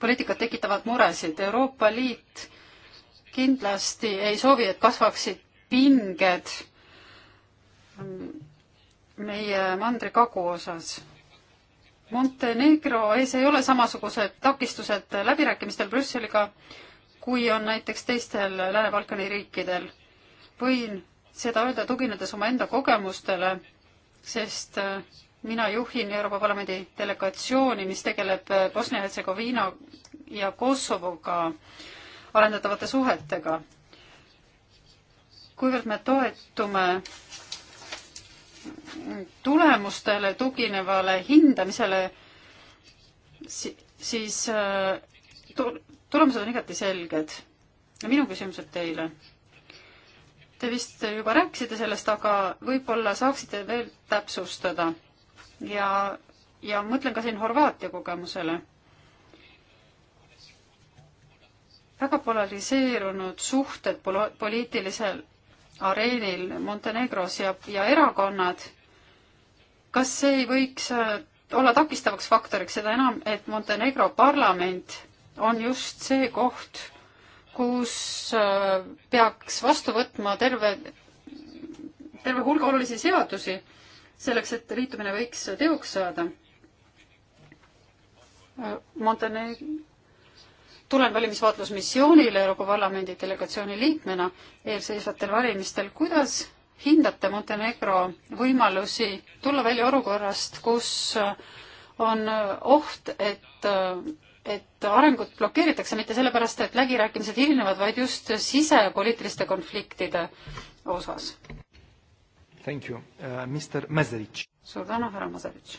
poliitikad tekitavad muresid. Euroopa Liit kindlasti ei soovi, et kasvaksid pinged meie mandri kagu osas Montenegro ees ei ole samasugused takistused läbirääkimistel Brüsseliga, kui on näiteks teistel Lääne-Balkani riikidel. võin seda öelda tuginedes omaenda kogemustele, sest äh, mina juhin Euroopa Parlamendi delegatsiooni, mis tegeleb äh, Bosnia-Hertsegoviina ja Kosovoga arendatavate suhetega. kuivõrd me toetume tulemustele tuginevale hindamisele, siis äh, tulemused on igati selged. ja minu küsimused teile. Te vist juba rääkisite sellest, aga võib-olla saaksite veel täpsustada ja, ja mõtlen ka siin Horvaatia kogemusele. väga polariseerunud suhted poliitilisel areenil Montenegros ja, ja erakonnad, kas see ei võiks äh, olla takistavaks faktoriks, seda enam, et Montenegro parlament on just see koht, kus äh, peaks vastu võtma terve, terve hulga olulisi seadusi selleks, et liitumine võiks teoks saada. Äh, Montene-, tulen valimisvaatlusmissioonile Euroopa Parlamendi delegatsiooni liikmena eelseisvatel valimistel. kuidas hindate Montenegro võimalusi tulla välja olukorrast, kus on oht, et, et arengut blokeeritakse mitte sellepärast, et läbirääkimised hilinevad, vaid just sisepoliitiliste konfliktide osas? Thank you uh,, Mr Mazerich. suur tänu, härra Mazerich.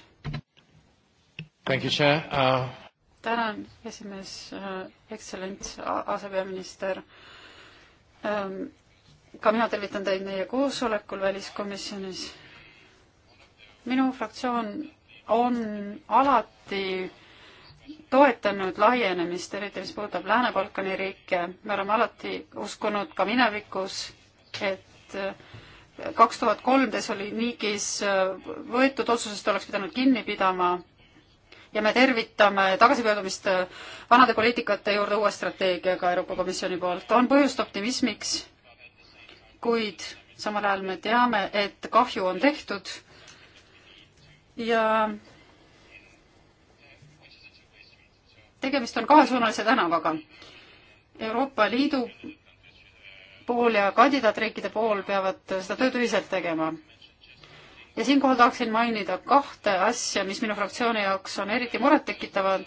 Thank you, Chair uh, tänan, esimees, äh, ekstsellents, asepeaminister. Ähm, ka mina tervitan teid meie koosolekul väliskomisjonis. minu fraktsioon on alati toetanud laienemist, eriti mis puudutab Lääne-Balkani riike. me oleme alati uskunud ka minevikus, et äh, kaks tuhat kolmteist oli Niigis äh, võetud otsusest oleks pidanud kinni pidama ja me tervitame tagasipöördumist äh, vanade poliitikate juurde uue strateegiaga Euroopa Komisjoni poolt. on põhjust optimismiks, kuid samal ajal me teame, et kahju on tehtud ja tegemist on kahesuunalise tänavaga. Euroopa Liidu pool ja kandidaatriikide pool peavad seda tööd ühiselt tegema ja siinkohal tahaksin mainida kahte asja, mis minu fraktsiooni jaoks on eriti murettekitavad.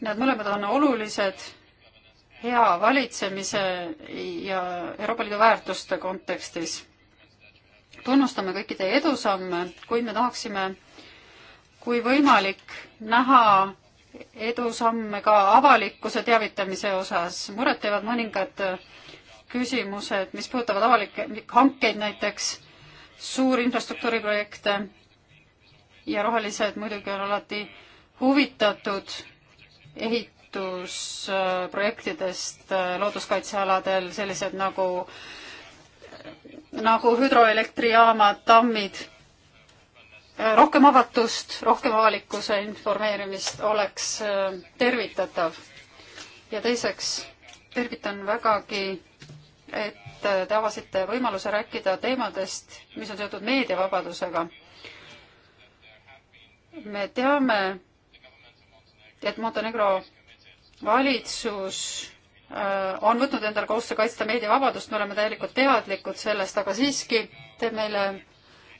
Need mõlemad on olulised hea valitsemise ja Euroopa Liidu väärtuste kontekstis. tunnustame kõiki teie edusamme, kuid me tahaksime, kui võimalik, näha edusamme ka avalikkuse teavitamise osas. muret teevad mõningad küsimused, mis puudutavad avalikke hankeid näiteks suuri infrastruktuuriprojekte ja rohelised muidugi on alati huvitatud ehitusprojektidest äh, looduskaitsealadel, sellised nagu, nagu hüdroelektrijaamad, tammid. Äh, rohkem avatust, rohkem avalikkuse informeerimist oleks äh, tervitatav. ja teiseks tervitan vägagi, et et te avasite võimaluse rääkida teemadest, mis on seotud meediavabadusega. me teame, et Montenegro valitsus äh, on võtnud endale kohustuse kaitsta meediavabadust, me oleme täielikult teadlikud sellest, aga siiski teeb meile,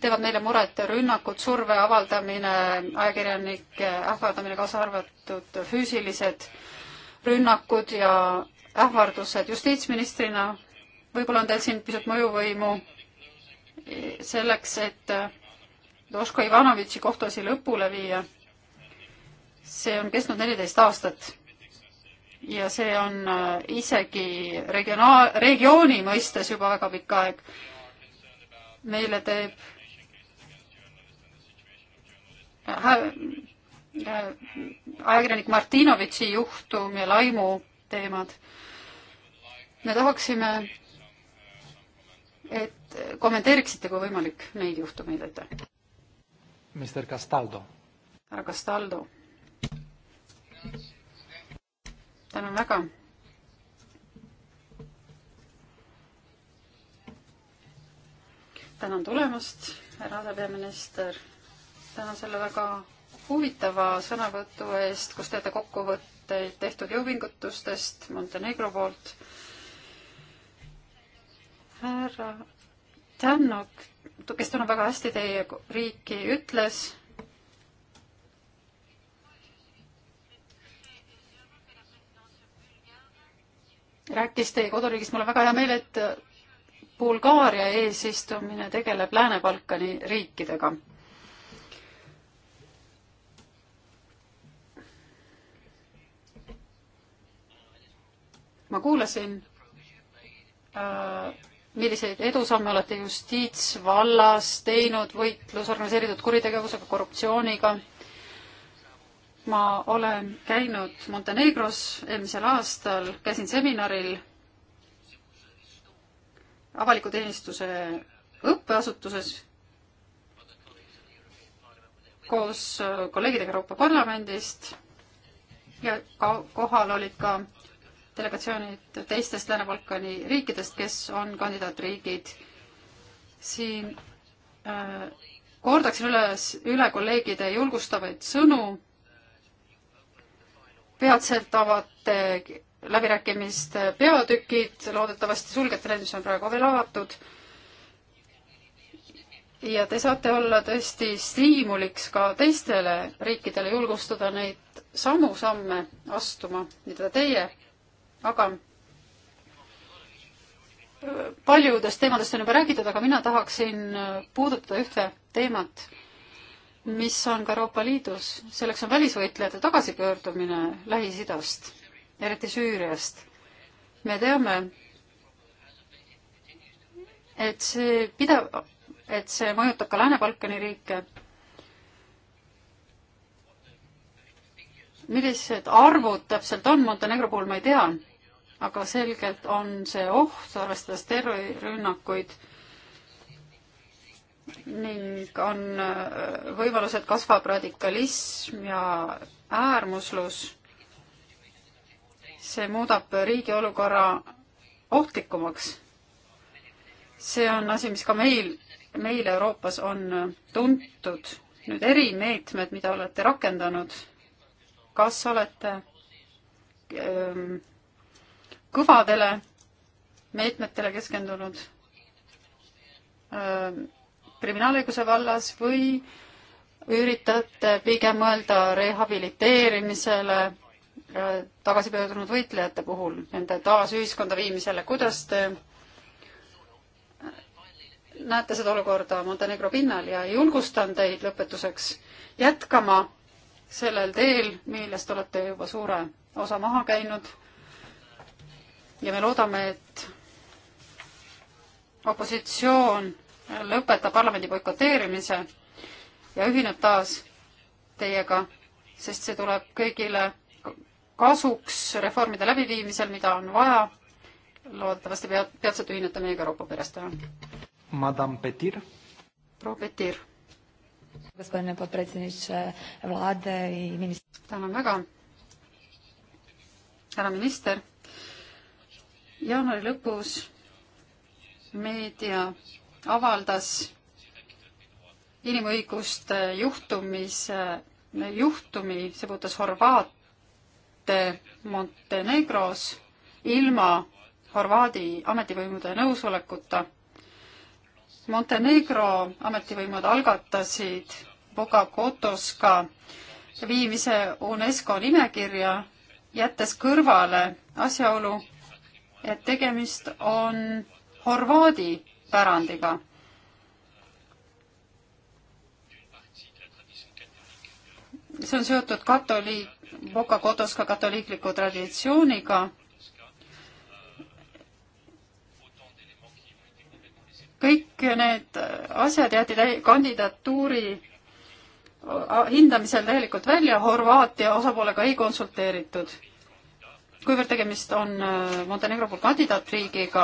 teevad meile muret rünnakud, surve avaldamine, ajakirjanike ähvardamine, kaasa arvatud füüsilised rünnakud ja ähvardused. justiitsministrina võib-olla on teil siin pisut mõjuvõimu selleks, et Doško Ivanovitši kohtuasi lõpule viia. see on kestnud neliteist aastat ja see on äh, isegi regionaal, regiooni mõistes juba väga pikk aeg. meile teeb äh, äh, ajakirjanik Martinovitši juhtum ja laimu teemad. me tahaksime et kommenteeriksite, kui võimalik, neid juhtumeid, aitäh. Mr Castaldo. härra Castaldo. tänan väga. tänan tulemast, härra asepeaminister. tänan selle väga huvitava sõnavõtu eest, kus teete kokkuvõtteid tehtud jõupingutustest Montenegro poolt härra Tännok, kes tunneb väga hästi teie riiki, ütles, rääkis teie koduriigist, mul on väga hea meel, et Bulgaaria eesistumine tegeleb Lääne-Balkani riikidega. ma kuulasin äh, milliseid edusamme olete justiitsvallas teinud võitlus organiseeritud kuritegevusega, korruptsiooniga? ma olen käinud Montenegros eelmisel aastal, käisin seminaril avaliku teenistuse õppeasutuses koos kolleegidega Euroopa Parlamendist ja ka kohal olid ka delegatsioonid teistest Lääne-Balkani riikidest, kes on kandidaatriigid. siin äh, kordaksin üles, üle kolleegide julgustavaid sõnu. peatselt avate läbirääkimiste peatükid, loodetavasti sulgete need, mis on praegu veel avatud. ja te saate olla tõesti stiimuliks ka teistele riikidele, julgustada neid samu samme astuma, mida teie aga äh, paljudest teemadest on juba räägitud, aga mina tahaksin äh, puudutada ühte teemat, mis on ka Euroopa Liidus, selleks on välisvõitlejate tagasipöördumine Lähis-Idast, eriti Süüriast. me teame, et see pidev, et see mõjutab ka Lääne-Balkani riike. millised arvud täpselt on, Montenegro puhul ma ei tea aga selgelt on see oht, arvestades terrorirünnakuid ning on äh, võimalus, et kasvab radikalism ja äärmuslus. see muudab riigi olukorra ohtlikumaks. see on asi, mis ka meil, meil Euroopas on äh, tuntud. nüüd erimeetmed, mida olete rakendanud, kas olete öö, ähm, kõvadele meetmetele keskendunud kriminaalõiguse vallas või üritate pigem mõelda rehabiliteerimisele tagasipöördunud võitlejate puhul, nende taasühiskonda viimisele, kuidas te näete seda olukorda Montenegro pinnal ja julgustan teid lõpetuseks jätkama sellel teel, millest olete juba suure osa maha käinud ja me loodame, et opositsioon lõpetab parlamendi boikoteerimise ja ühineb taas teiega, sest see tuleb kõigile kasuks reformide läbiviimisel, mida on vaja. loodetavasti pead, peatselt ühinete meiega Euroopa perest, tänan. Madam Petir. proua Petir. tänan väga. härra minister jaanuari lõpus meedia avaldas inimõiguste juhtumis, juhtumi, see puudutas Horvaate Montenegros ilma Horvaadi ametivõimude nõusolekuta. Montenegro ametivõimud algatasid Bogakotoska viimise UNESCO nimekirja, jättes kõrvale asjaolu, et tegemist on Horvaadi pärandiga. see on seotud katoliik, Boka Kotoska katoliikliku traditsiooniga. kõik need asjad jäeti kandidatuuri hindamisel täielikult välja, Horvaatia osapoolega ei konsulteeritud kuivõrd tegemist on äh, Montenegro kui kandidaatriigiga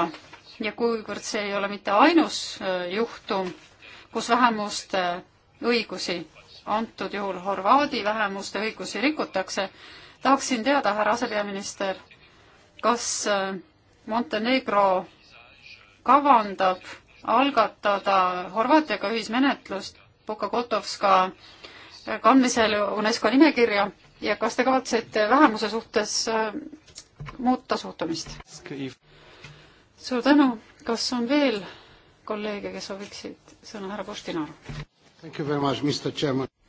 ja kuivõrd see ei ole mitte ainus äh, juhtum, kus vähemuste õigusi, antud juhul Horvaadi vähemuste õigusi rikutakse, tahaksin teada, härra asepeaminister, kas äh, Montenegro kavandab algatada Horvaatiaga ühismenetlust Puka Kotovska kandmisel UNESCO nimekirja ja kas te kavatsete vähemuse suhtes muuta suhtumist. suur tänu, kas on veel kolleege, kes sooviksid sõna, härra Postinaar?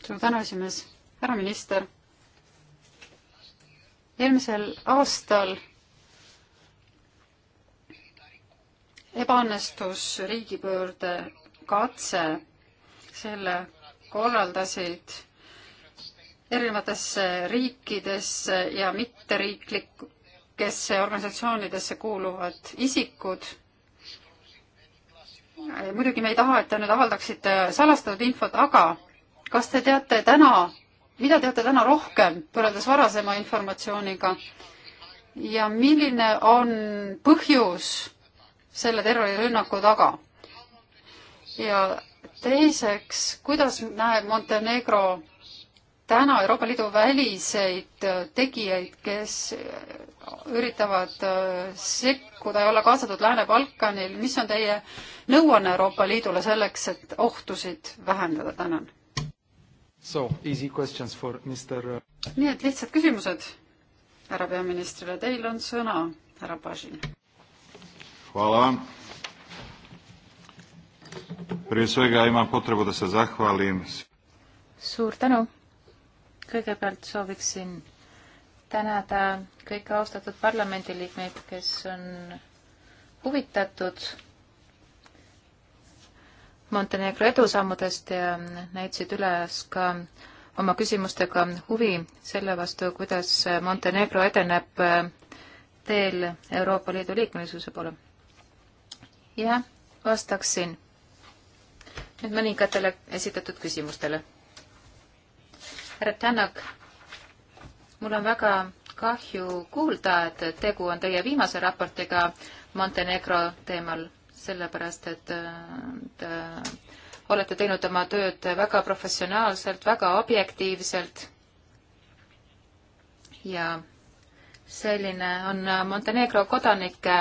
suur tänu, esimees, härra minister. eelmisel aastal ebaõnnestus riigipöörde katse, selle korraldasid erinevatesse riikidesse ja mitteriiklik, kes organisatsioonidesse kuuluvad isikud. muidugi me ei taha, et te nüüd avaldaksite salastatud infot, aga kas te teate täna, mida teate täna rohkem võrreldes varasema informatsiooniga ja milline on põhjus selle terrorirünnaku taga? ja teiseks, kuidas näeb Montenegro täna Euroopa Liidu väliseid tegijaid, kes üritavad äh, sekkuda ja olla kaasatud Lääne-Balkanil, mis on teie nõuanne Euroopa Liidule selleks, et ohtusid vähendada, tänan? Äh, nii et lihtsad küsimused härra peaministrile, teil on sõna, härra Pažin. prije svega imam potrebu da se zahvalim. suur tänu kõigepealt sooviksin tänada kõiki austatud parlamendiliikmeid, kes on huvitatud Montenegro edusammudest ja näitasid üles ka oma küsimustega huvi selle vastu, kuidas Montenegro edeneb teel Euroopa Liidu liikmelisuse poole. ja vastaksin nüüd mõningatele esitatud küsimustele härra Tänak, mul on väga kahju kuulda, et tegu on teie viimase raportiga Montenegro teemal, sellepärast et te olete teinud oma tööd väga professionaalselt, väga objektiivselt ja selline on Montenegro kodanike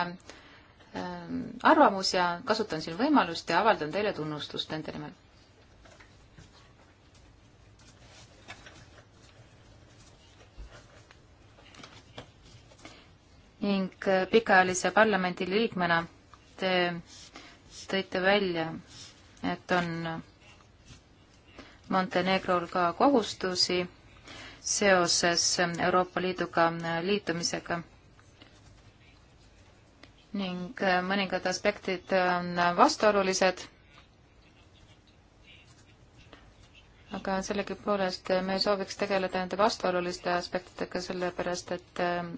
ähm, arvamus ja kasutan siin võimalust ja avaldan teile tunnustust nende nimel ning äh, pikaajalise parlamendi liikmena te tõite välja, et on Montenegrol ka kohustusi seoses Euroopa Liiduga liitumisega ning äh, mõningad aspektid on vastuolulised, aga sellegipoolest me sooviks tegeleda nende vastuoluliste aspektidega, sellepärast et äh,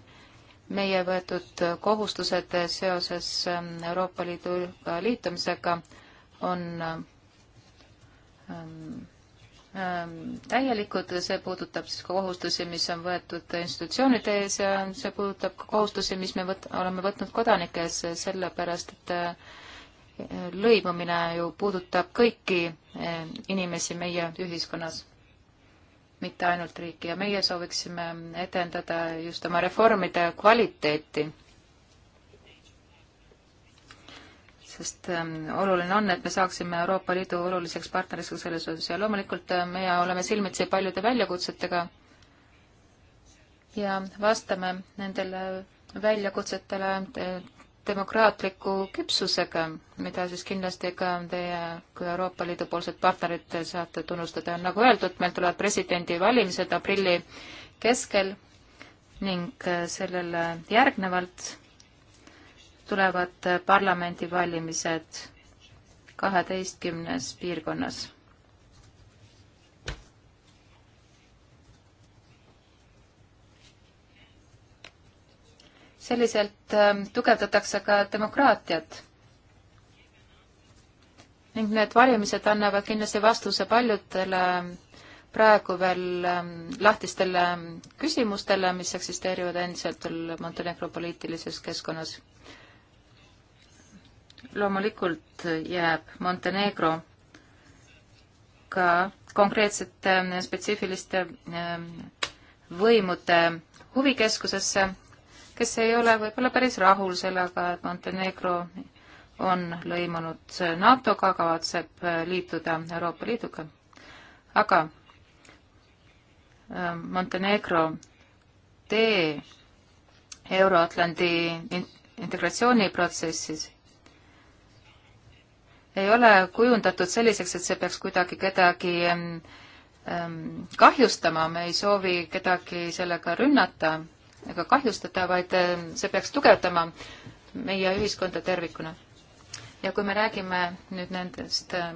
meie võetud kohustused seoses ähm, Euroopa Liiduga liitumisega on ähm, ähm, täielikud, see puudutab siis ka kohustusi, mis on võetud institutsioonide ees ja see puudutab ka kohustusi, mis me võt-, oleme võtnud kodanike ees, sellepärast et äh, lõimumine ju puudutab kõiki äh, inimesi meie ühiskonnas mitte ainult riiki ja meie sooviksime edendada just oma reformide kvaliteeti. sest ähm, oluline on, et me saaksime Euroopa Liidu oluliseks partneriks ka selles osas ja loomulikult äh, meie oleme silmitsi paljude väljakutsetega ja vastame nendele väljakutsetele äh, demokraatliku küpsusega, mida siis kindlasti ka teie kui Euroopa Liidu poolsed partnerid saate tunnustada. nagu öeldud, meil tulevad presidendivalimised aprilli keskel ning äh, sellele järgnevalt tulevad parlamendivalimised kaheteistkümnes piirkonnas selliselt ähm, tugevdatakse ka demokraatiat. ning need valimised annavad kindlasti vastuse paljudele ähm, praegu veel ähm, lahtistele küsimustele, mis eksisteerivad endiselt veel Montenegro poliitilises keskkonnas. loomulikult jääb Montenegro ka konkreetsete spetsiifiliste võimude huvikeskusesse, kes ei ole võib-olla päris rahul sellega, et Montenegro on lõimunud NATO-ga, kavatseb äh, liituda Euroopa Liiduga. aga äh, Montenegro tee Euro-Atlandi integratsiooniprotsessis ei ole kujundatud selliseks, et see peaks kuidagi kedagi ähm, ähm, kahjustama, me ei soovi kedagi sellega rünnata ega kahjustada, vaid eh, see peaks tugevdama meie ühiskonda tervikuna. ja kui me räägime nüüd nendest eh,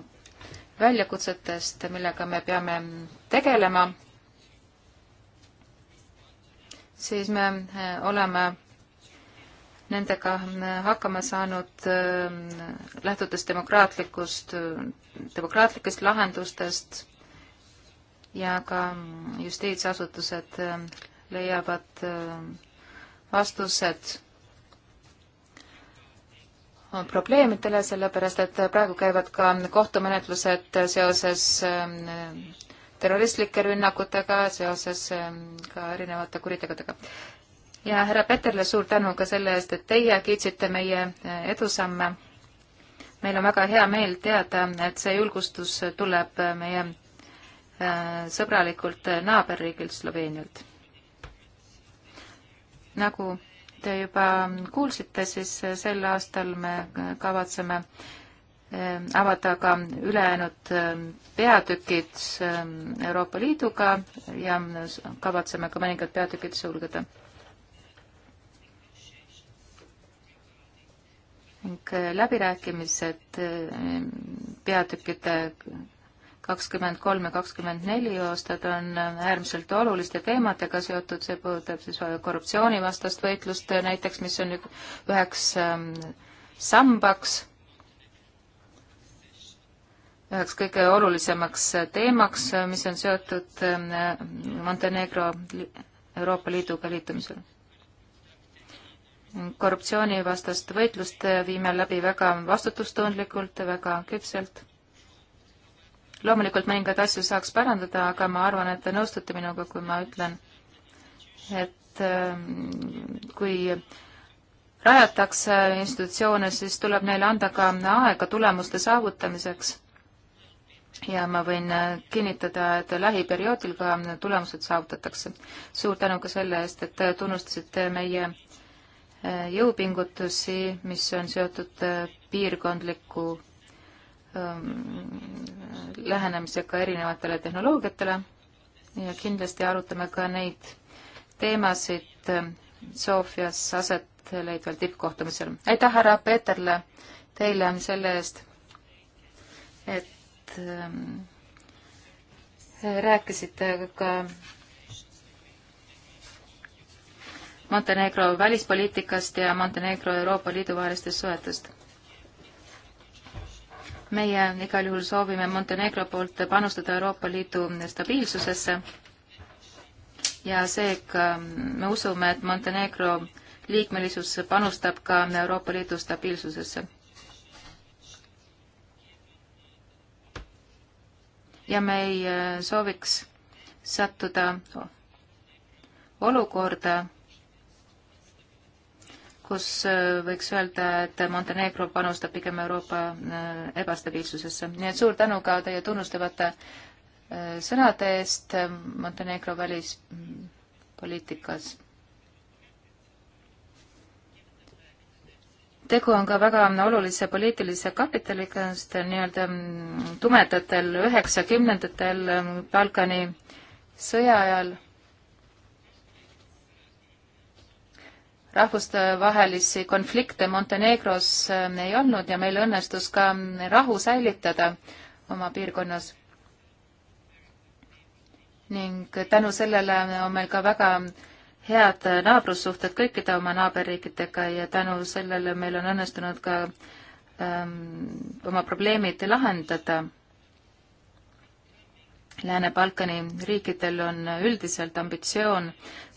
väljakutsetest, millega me peame tegelema, siis me eh, oleme nendega hakkama saanud lähtudes demokraatlikust, demokraatlikest lahendustest ja ka justiitsasutused leiavad äh, vastused probleemidele, sellepärast et praegu käivad ka kohtumenetlused seoses äh, terroristlike rünnakutega, seoses ähm, ka erinevate kuritegudega. ja härra Peterle suur tänu ka selle eest, et teie kiitsite meie äh, edusamme. meil on väga hea meel teada, et see julgustus tuleb meie sõbralikult naaberriigilt Sloveenialt nagu te juba kuulsite, siis sel aastal me kavatseme ehm, avada ka ülejäänud ehm, peatükid ehm, Euroopa Liiduga ja kavatseme ka mõningad peatükid sulgeda. ning läbirääkimised peatükkide kakskümmend kolm ja kakskümmend neli aastat on äärmiselt oluliste teemadega seotud, see puudutab siis korruptsioonivastast võitlust näiteks, mis on üheks ähm, sambaks, üheks kõige olulisemaks teemaks, mis on seotud ähm, Montenegro Euroopa Liiduga liitumisel. korruptsioonivastast võitlust viime läbi väga vastutustundlikult, väga küpselt loomulikult mõningaid asju saaks parandada, aga ma arvan, et te nõustute minuga, kui ma ütlen, et ähm, kui rajatakse institutsioone, siis tuleb neile anda ka aega tulemuste saavutamiseks. ja ma võin äh, kinnitada, et lähiperioodil ka tulemused saavutatakse. suur tänu ka selle eest, et te tunnustasite meie äh, jõupingutusi, mis on seotud äh, piirkondliku Ähm, lähenemisega erinevatele tehnoloogiatele ja kindlasti arutame ka neid teemasid ähm, Sofias aset leidval tippkohtumisel. aitäh, härra Peeterle, teile selle eest, et ähm, rääkisite ka Montenegro välispoliitikast ja Montenegro Euroopa Liidu vahelistest suhetest meie igal juhul soovime Montenegro poolt panustada Euroopa Liidu stabiilsusesse ja seega ähm, me usume, et Montenegro liikmelisus panustab ka Euroopa Liidu stabiilsusesse. ja me ei äh, sooviks sattuda olukorda, kus äh, võiks öelda, et Montenegro panustab pigem Euroopa äh, ebastabiilsusesse. nii et suur tänu ka teie tunnustavate äh, sõnade eest Montenegro välispoliitikas. tegu on ka väga olulise poliitilise kapitaliga, sest nii-öelda mm, tumedatel üheksakümnendatel mm, Balkani sõja ajal rahvustevahelisi konflikte Montenegros äh, ei olnud ja meil õnnestus ka rahu säilitada oma piirkonnas. ning tänu sellele on meil ka väga head naabrussuhted kõikide oma naaberriikidega ja tänu sellele meil on õnnestunud ka öö, ähm, oma probleemid lahendada Lääne-Balkani riikidel on üldiselt ambitsioon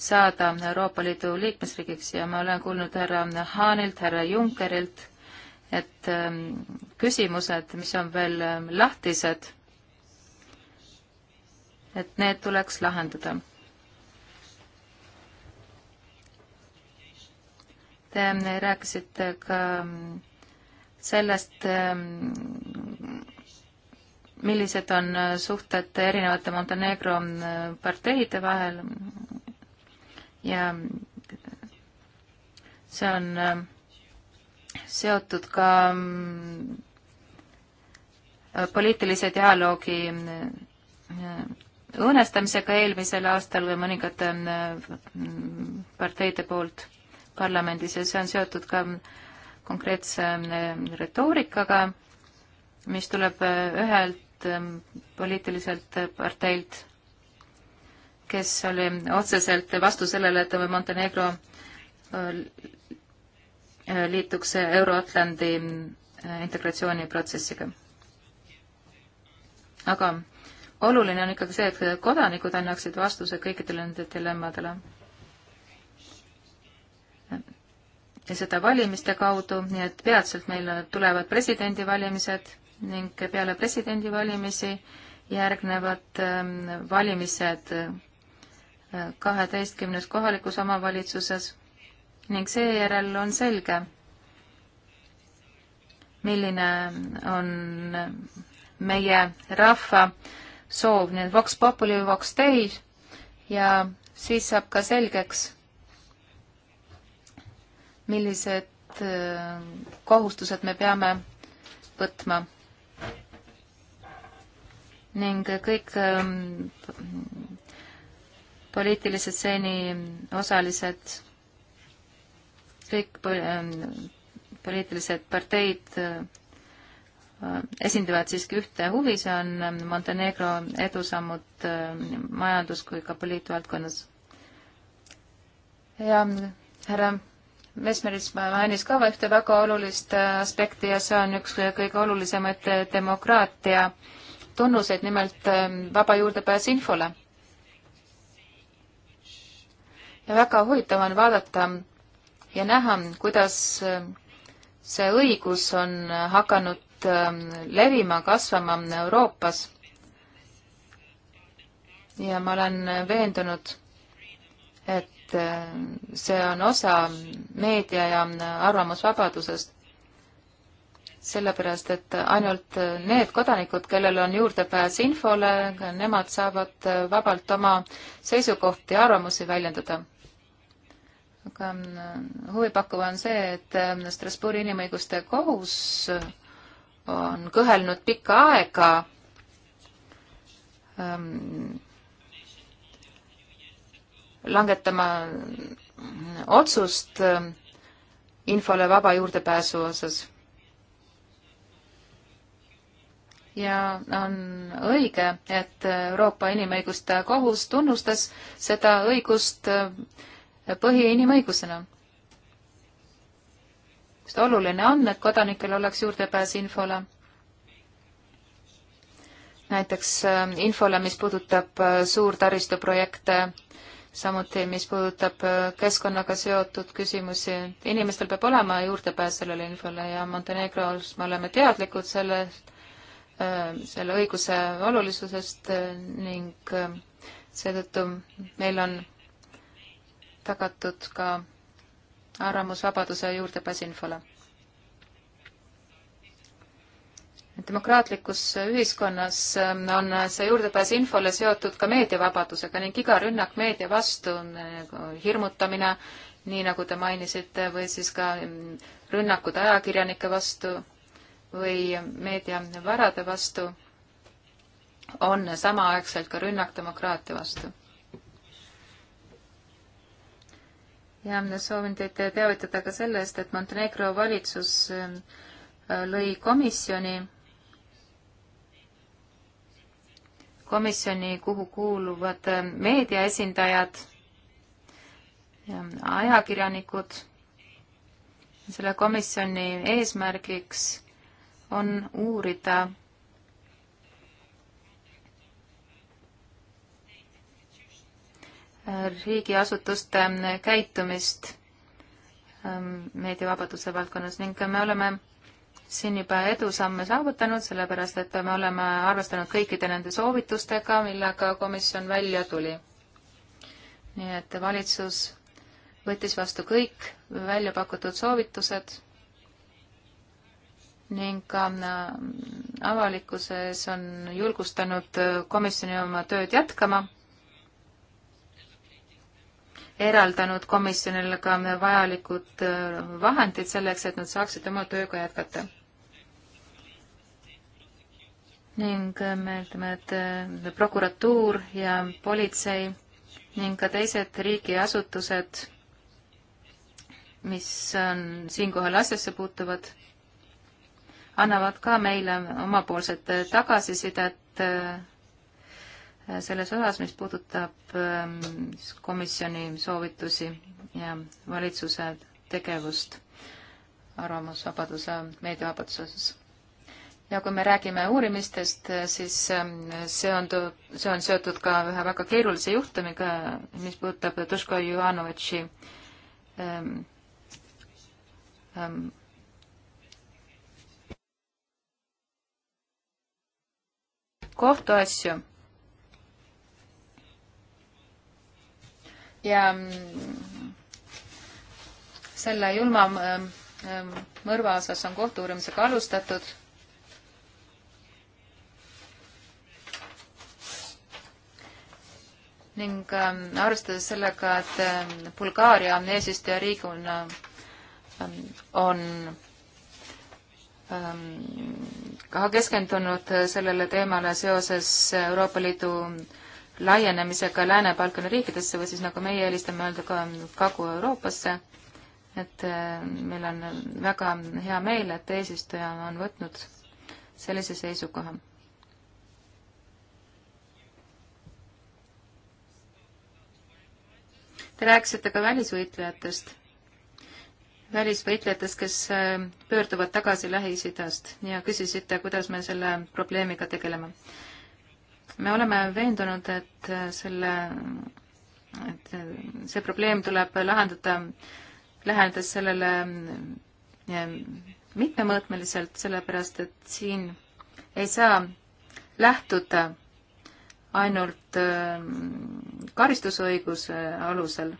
saada Euroopa Liidu liikmesriigiks ja ma olen kuulnud härra Haanilt, härra Junckerilt, et ähm, küsimused, mis on veel ähm, lahtised, et need tuleks lahendada. Te ähm, rääkisite ka sellest, millised on äh, suhted erinevate Montenegro äh, parteide vahel ja see on äh, seotud ka poliitilise dialoogi õõnestamisega eelmisel aastal või mõningate parteide poolt parlamendis ja see on seotud ka konkreetse retoorikaga, mis tuleb ühelt Ähm, poliitiliselt parteilt, kes oli otseselt vastu sellele, et Montenegro äh, liituks Euro-Atlandi äh, integratsiooniprotsessiga. aga oluline on ikkagi see, et kodanikud annaksid vastuse kõikidele nende dilemmadele. ja seda valimiste kaudu, nii et peatselt meil tulevad presidendivalimised ning peale presidendivalimisi järgnevad ähm, valimised äh, kaheteistkümnes kohalikus omavalitsuses ning seejärel on selge, milline on meie rahva soov, nii et Vox Populi, Vox Dei ja siis saab ka selgeks, millised äh, kohustused me peame võtma ning kõik ähm, poliitilise stseeni osalised, kõik ähm, poliitilised parteid äh, esindavad siiski ühte huvi, see on ähm, Montenegro edusammud äh, majandus- kui ka poliitvaldkonnas. ja härra Mesmeris mainis ka ühte väga olulist äh, aspekti ja see on üks kõige olulisemaid demokraatia äh, tunnuseid, nimelt ähm, vaba juurdepääs infole. ja väga huvitav on vaadata ja näha, kuidas ähm, see õigus on äh, hakanud ähm, levima, kasvama Euroopas. ja ma olen veendunud, et äh, see on osa meedia ja äh, arvamusvabadusest sellepärast et ainult need kodanikud, kellel on juurdepääs infole, nemad saavad vabalt oma seisukohti ja arvamusi väljendada. aga mm, huvipakkuv on see, et mm, Strasbourgi inimõiguste kohus on kõhelnud pikka aega ähm, langetama otsust infole vaba juurdepääsu osas ja on õige, et Euroopa Inimõiguste Kohus tunnustas seda õigust äh, põhiinimõigusena. sest oluline on, et kodanikel oleks juurdepääs infole. näiteks äh, infole, mis puudutab äh, suurtaristuprojekte, samuti mis puudutab keskkonnaga seotud küsimusi, inimestel peab olema juurdepääs sellele infole ja Montenegros me oleme teadlikud sellest, Äh, selle õiguse olulisusest äh, ning äh, seetõttu meil on tagatud ka arvamusvabaduse juurdepääs infole. demokraatlikus ühiskonnas on see juurdepääs infole seotud ka meediavabadusega ning iga rünnak meedia vastu, hirmutamine, nii nagu te mainisite, või siis ka mm, rünnakud ajakirjanike vastu või meediavarade vastu, on samaaegselt ka rünnak demokraatia vastu. ja ma soovin teid teavitada ka sellest, et Montenegro valitsus äh, lõi komisjoni, komisjoni, kuhu kuuluvad äh, meediaesindajad ja ajakirjanikud. selle komisjoni eesmärgiks on uurida riigiasutuste käitumist ähm, meediavabaduse valdkonnas ning me oleme siin juba edusamme saavutanud, sellepärast et me oleme arvestanud kõikide nende soovitustega, millega komisjon välja tuli. nii et valitsus võttis vastu kõik välja pakutud soovitused ning ka äh, avalikkuses on julgustanud äh, komisjoni oma tööd jätkama, eraldanud komisjonile ka vajalikud äh, vahendid selleks, et nad saaksid oma tööga jätkata. ning me ütleme, et prokuratuur ja politsei ning ka teised riigiasutused, mis on siinkohal asjasse puutuvad annavad ka meile omapoolset tagasisidet äh, selles osas, mis puudutab ähm, komisjoni soovitusi ja valitsuse tegevust arvamusvabaduse, meediavabaduse osas. ja kui me räägime uurimistest, äh, siis ähm, see on, see on seotud ka ühe väga keerulise juhtumiga, mis puudutab Duško Juhanovitši ähm, ähm, kohtuasju. ja mm, selle julma mm, mm, mõrva osas on kohtu-uurimisega alustatud ning ähm, arvestades sellega, et ähm, Bulgaaria on eesistujariigina ähm, on Ähm, ka keskendunud sellele teemale seoses Euroopa Liidu laienemisega Lääne-Balkani riikidesse või siis nagu meie eelistame öelda ka Kagu-Euroopasse, et äh, meil on väga hea meel, et eesistuja on võtnud sellise seisukoha. Te rääkisite ka välisvõitlejatest välisvõitlejates, kes äh, pöörduvad tagasi Lähis-Idast ja küsisite, kuidas me selle probleemiga tegeleme. me oleme veendunud, et äh, selle, et äh, see probleem tuleb lahendada, lähenedes sellele mitmemõõtmeliselt, sellepärast et siin ei saa lähtuda ainult karistusõiguse alusel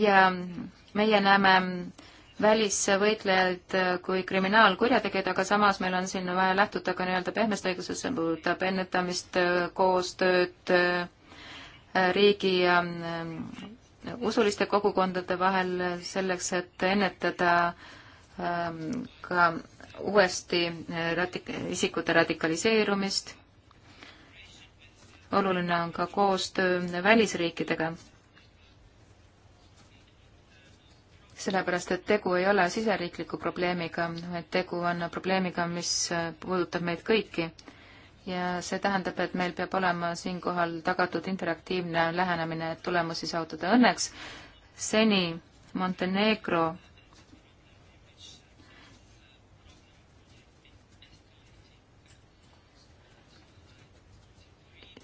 ja meie näeme välisvõitlejaid kui kriminaalkurjategijaid, aga samas meil on siin vaja lähtuda ka nii-öelda pehmest õigusest, see puudutab ennetamist, koostööd äh, riigi ja äh, usuliste kogukondade vahel selleks, et ennetada ähm, ka uuesti äh, radik-, isikute radikaliseerumist. oluline on ka koostöö välisriikidega sellepärast et tegu ei ole siseriikliku probleemiga, vaid tegu on probleemiga, mis puudutab meid kõiki. ja see tähendab, et meil peab olema siinkohal tagatud interaktiivne lähenemine, et tulemusi saavutada. Õnneks seni Montenegro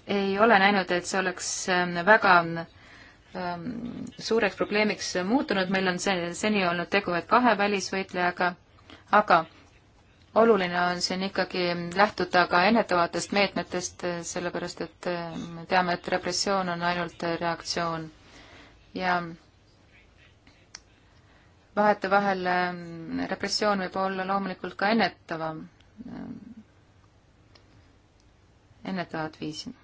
ei ole näinud, et see oleks väga Ähm, suureks probleemiks muutunud, meil on see seni olnud tegu vaid kahe välisvõitlejaga, aga oluline on siin ikkagi lähtuda ka ennetavatest meetmetest, sellepärast et äh, me teame, et repressioon on ainult reaktsioon ja vahetevahel ähm, repressioon võib olla loomulikult ka ennetavam, ähm, ennetavat viisi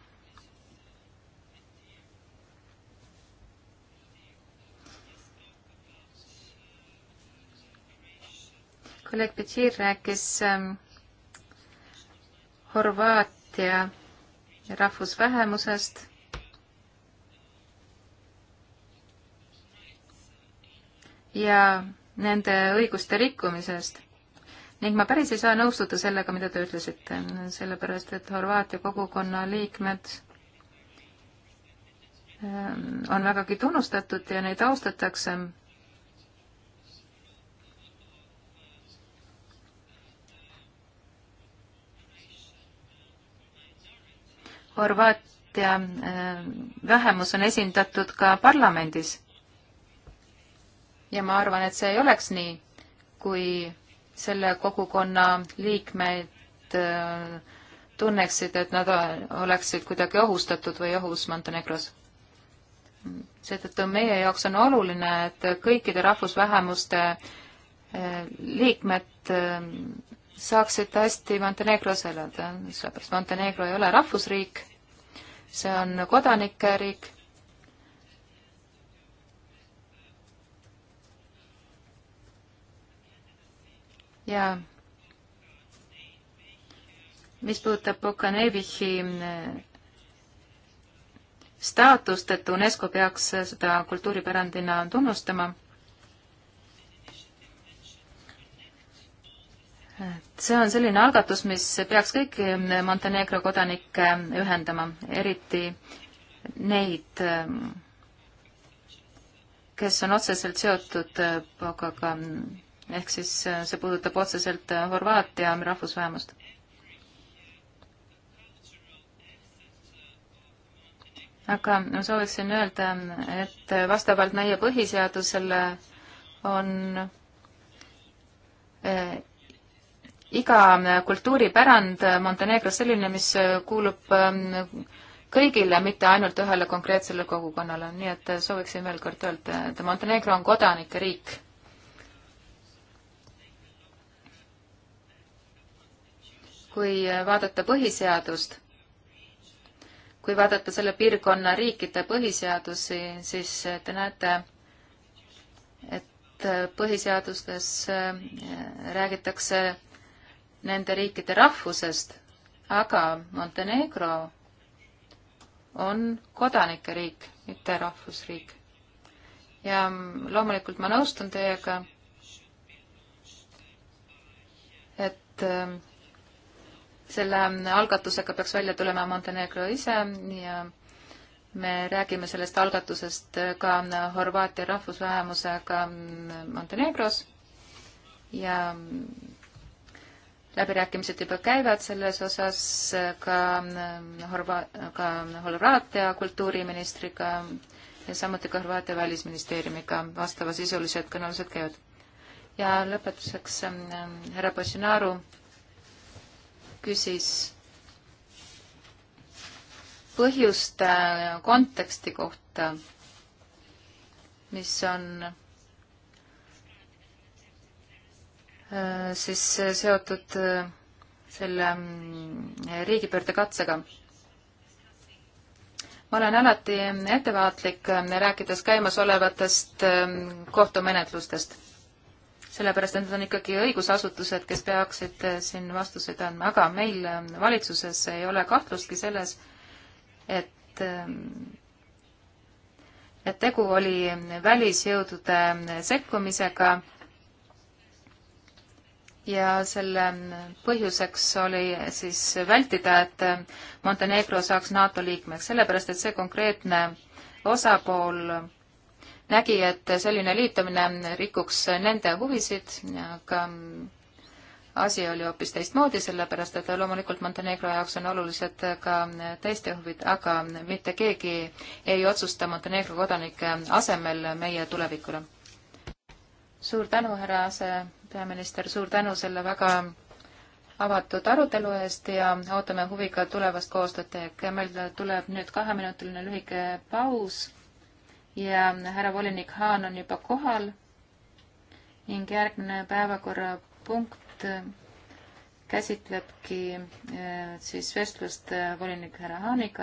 kolleeg Petir rääkis ähm, Horvaatia rahvusvähemusest. ja nende õiguste rikkumisest ning ma päris ei saa nõustuda sellega, mida te ütlesite, sellepärast et Horvaatia kogukonna liikmed ähm, on vägagi tunnustatud ja neid austatakse Horvaatia äh, vähemus on esindatud ka parlamendis. ja ma arvan, et see ei oleks nii, kui selle kogukonna liikmed äh, tunneksid, et nad oleksid kuidagi ohustatud või ohus Montenegros. seetõttu meie jaoks on oluline, et kõikide rahvusvähemuste äh, liikmed saaksid hästi Montenegros elada, sellepärast Montenegro ei ole rahvusriik, see on kodanike riik. ja mis puudutab Bukanevichi eh, staatust, et UNESCO peaks seda kultuuripärandina tunnustama see on selline algatus, mis peaks kõiki Montenegro kodanikke ühendama, eriti neid, kes on otseselt seotud Bogaga, ehk siis see puudutab otseselt Horvaatia rahvusvähemust. aga ma sooviksin öelda, et vastavalt meie põhiseadusele on eh, iga ähm, kultuuripärand äh, Montenegros selline, mis äh, kuulub ähm, kõigile, mitte ainult ühele konkreetsele kogukonnale, nii et äh, sooviksin veel kord öelda, et Montenegro on kodanike riik. kui vaadata põhiseadust, kui vaadata selle piirkonna riikide põhiseadusi, siis te näete, et põhiseadustes räägitakse nende riikide rahvusest, aga Montenegro on kodanike riik, mitte rahvusriik. ja loomulikult ma nõustun teiega, et ähm, selle algatusega peaks välja tulema Montenegro ise ja me räägime sellest algatusest ka Horvaatia rahvusvähemusega Montenegros ja läbirääkimised juba käivad selles osas ka äh, Horva-, ka Horvaatia kultuuriministriga ja samuti ka Horvaatia välisministeeriumiga vastavasisulised kõnelused käivad. ja lõpetuseks äh, härra Bolsonaro küsis põhjuste konteksti kohta, mis on Äh, siis äh, seotud äh, selle mm, riigipöördekatsega. ma olen alati ettevaatlik, rääkides käimasolevatest ähm, kohtumenetlustest. sellepärast, et need on ikkagi õigusasutused, kes peaksid siin vastuseid andma, aga meil ähm, valitsuses ei ole kahtlustki selles, et ähm, et tegu oli välisjõudude sekkumisega ja selle põhjuseks oli siis vältida, et Montenegro saaks NATO liikmeks, sellepärast et see konkreetne osapool nägi, et selline liitumine rikuks nende huvisid, aga asi oli hoopis teistmoodi, sellepärast et loomulikult Montenegro jaoks on olulised ka teiste huvid, aga mitte keegi ei otsusta Montenegro kodanike asemel meie tulevikule. suur tänu, härra aseesimees peaminister, suur tänu selle väga avatud arutelu eest ja ootame huviga tulevast koostööd teiega. meil tuleb nüüd kaheminutiline lühike paus ja härra volinik Haan on juba kohal ning järgmine päevakorrapunkt käsitlebki eh, siis vestlust eh, volinik härra Haaniga.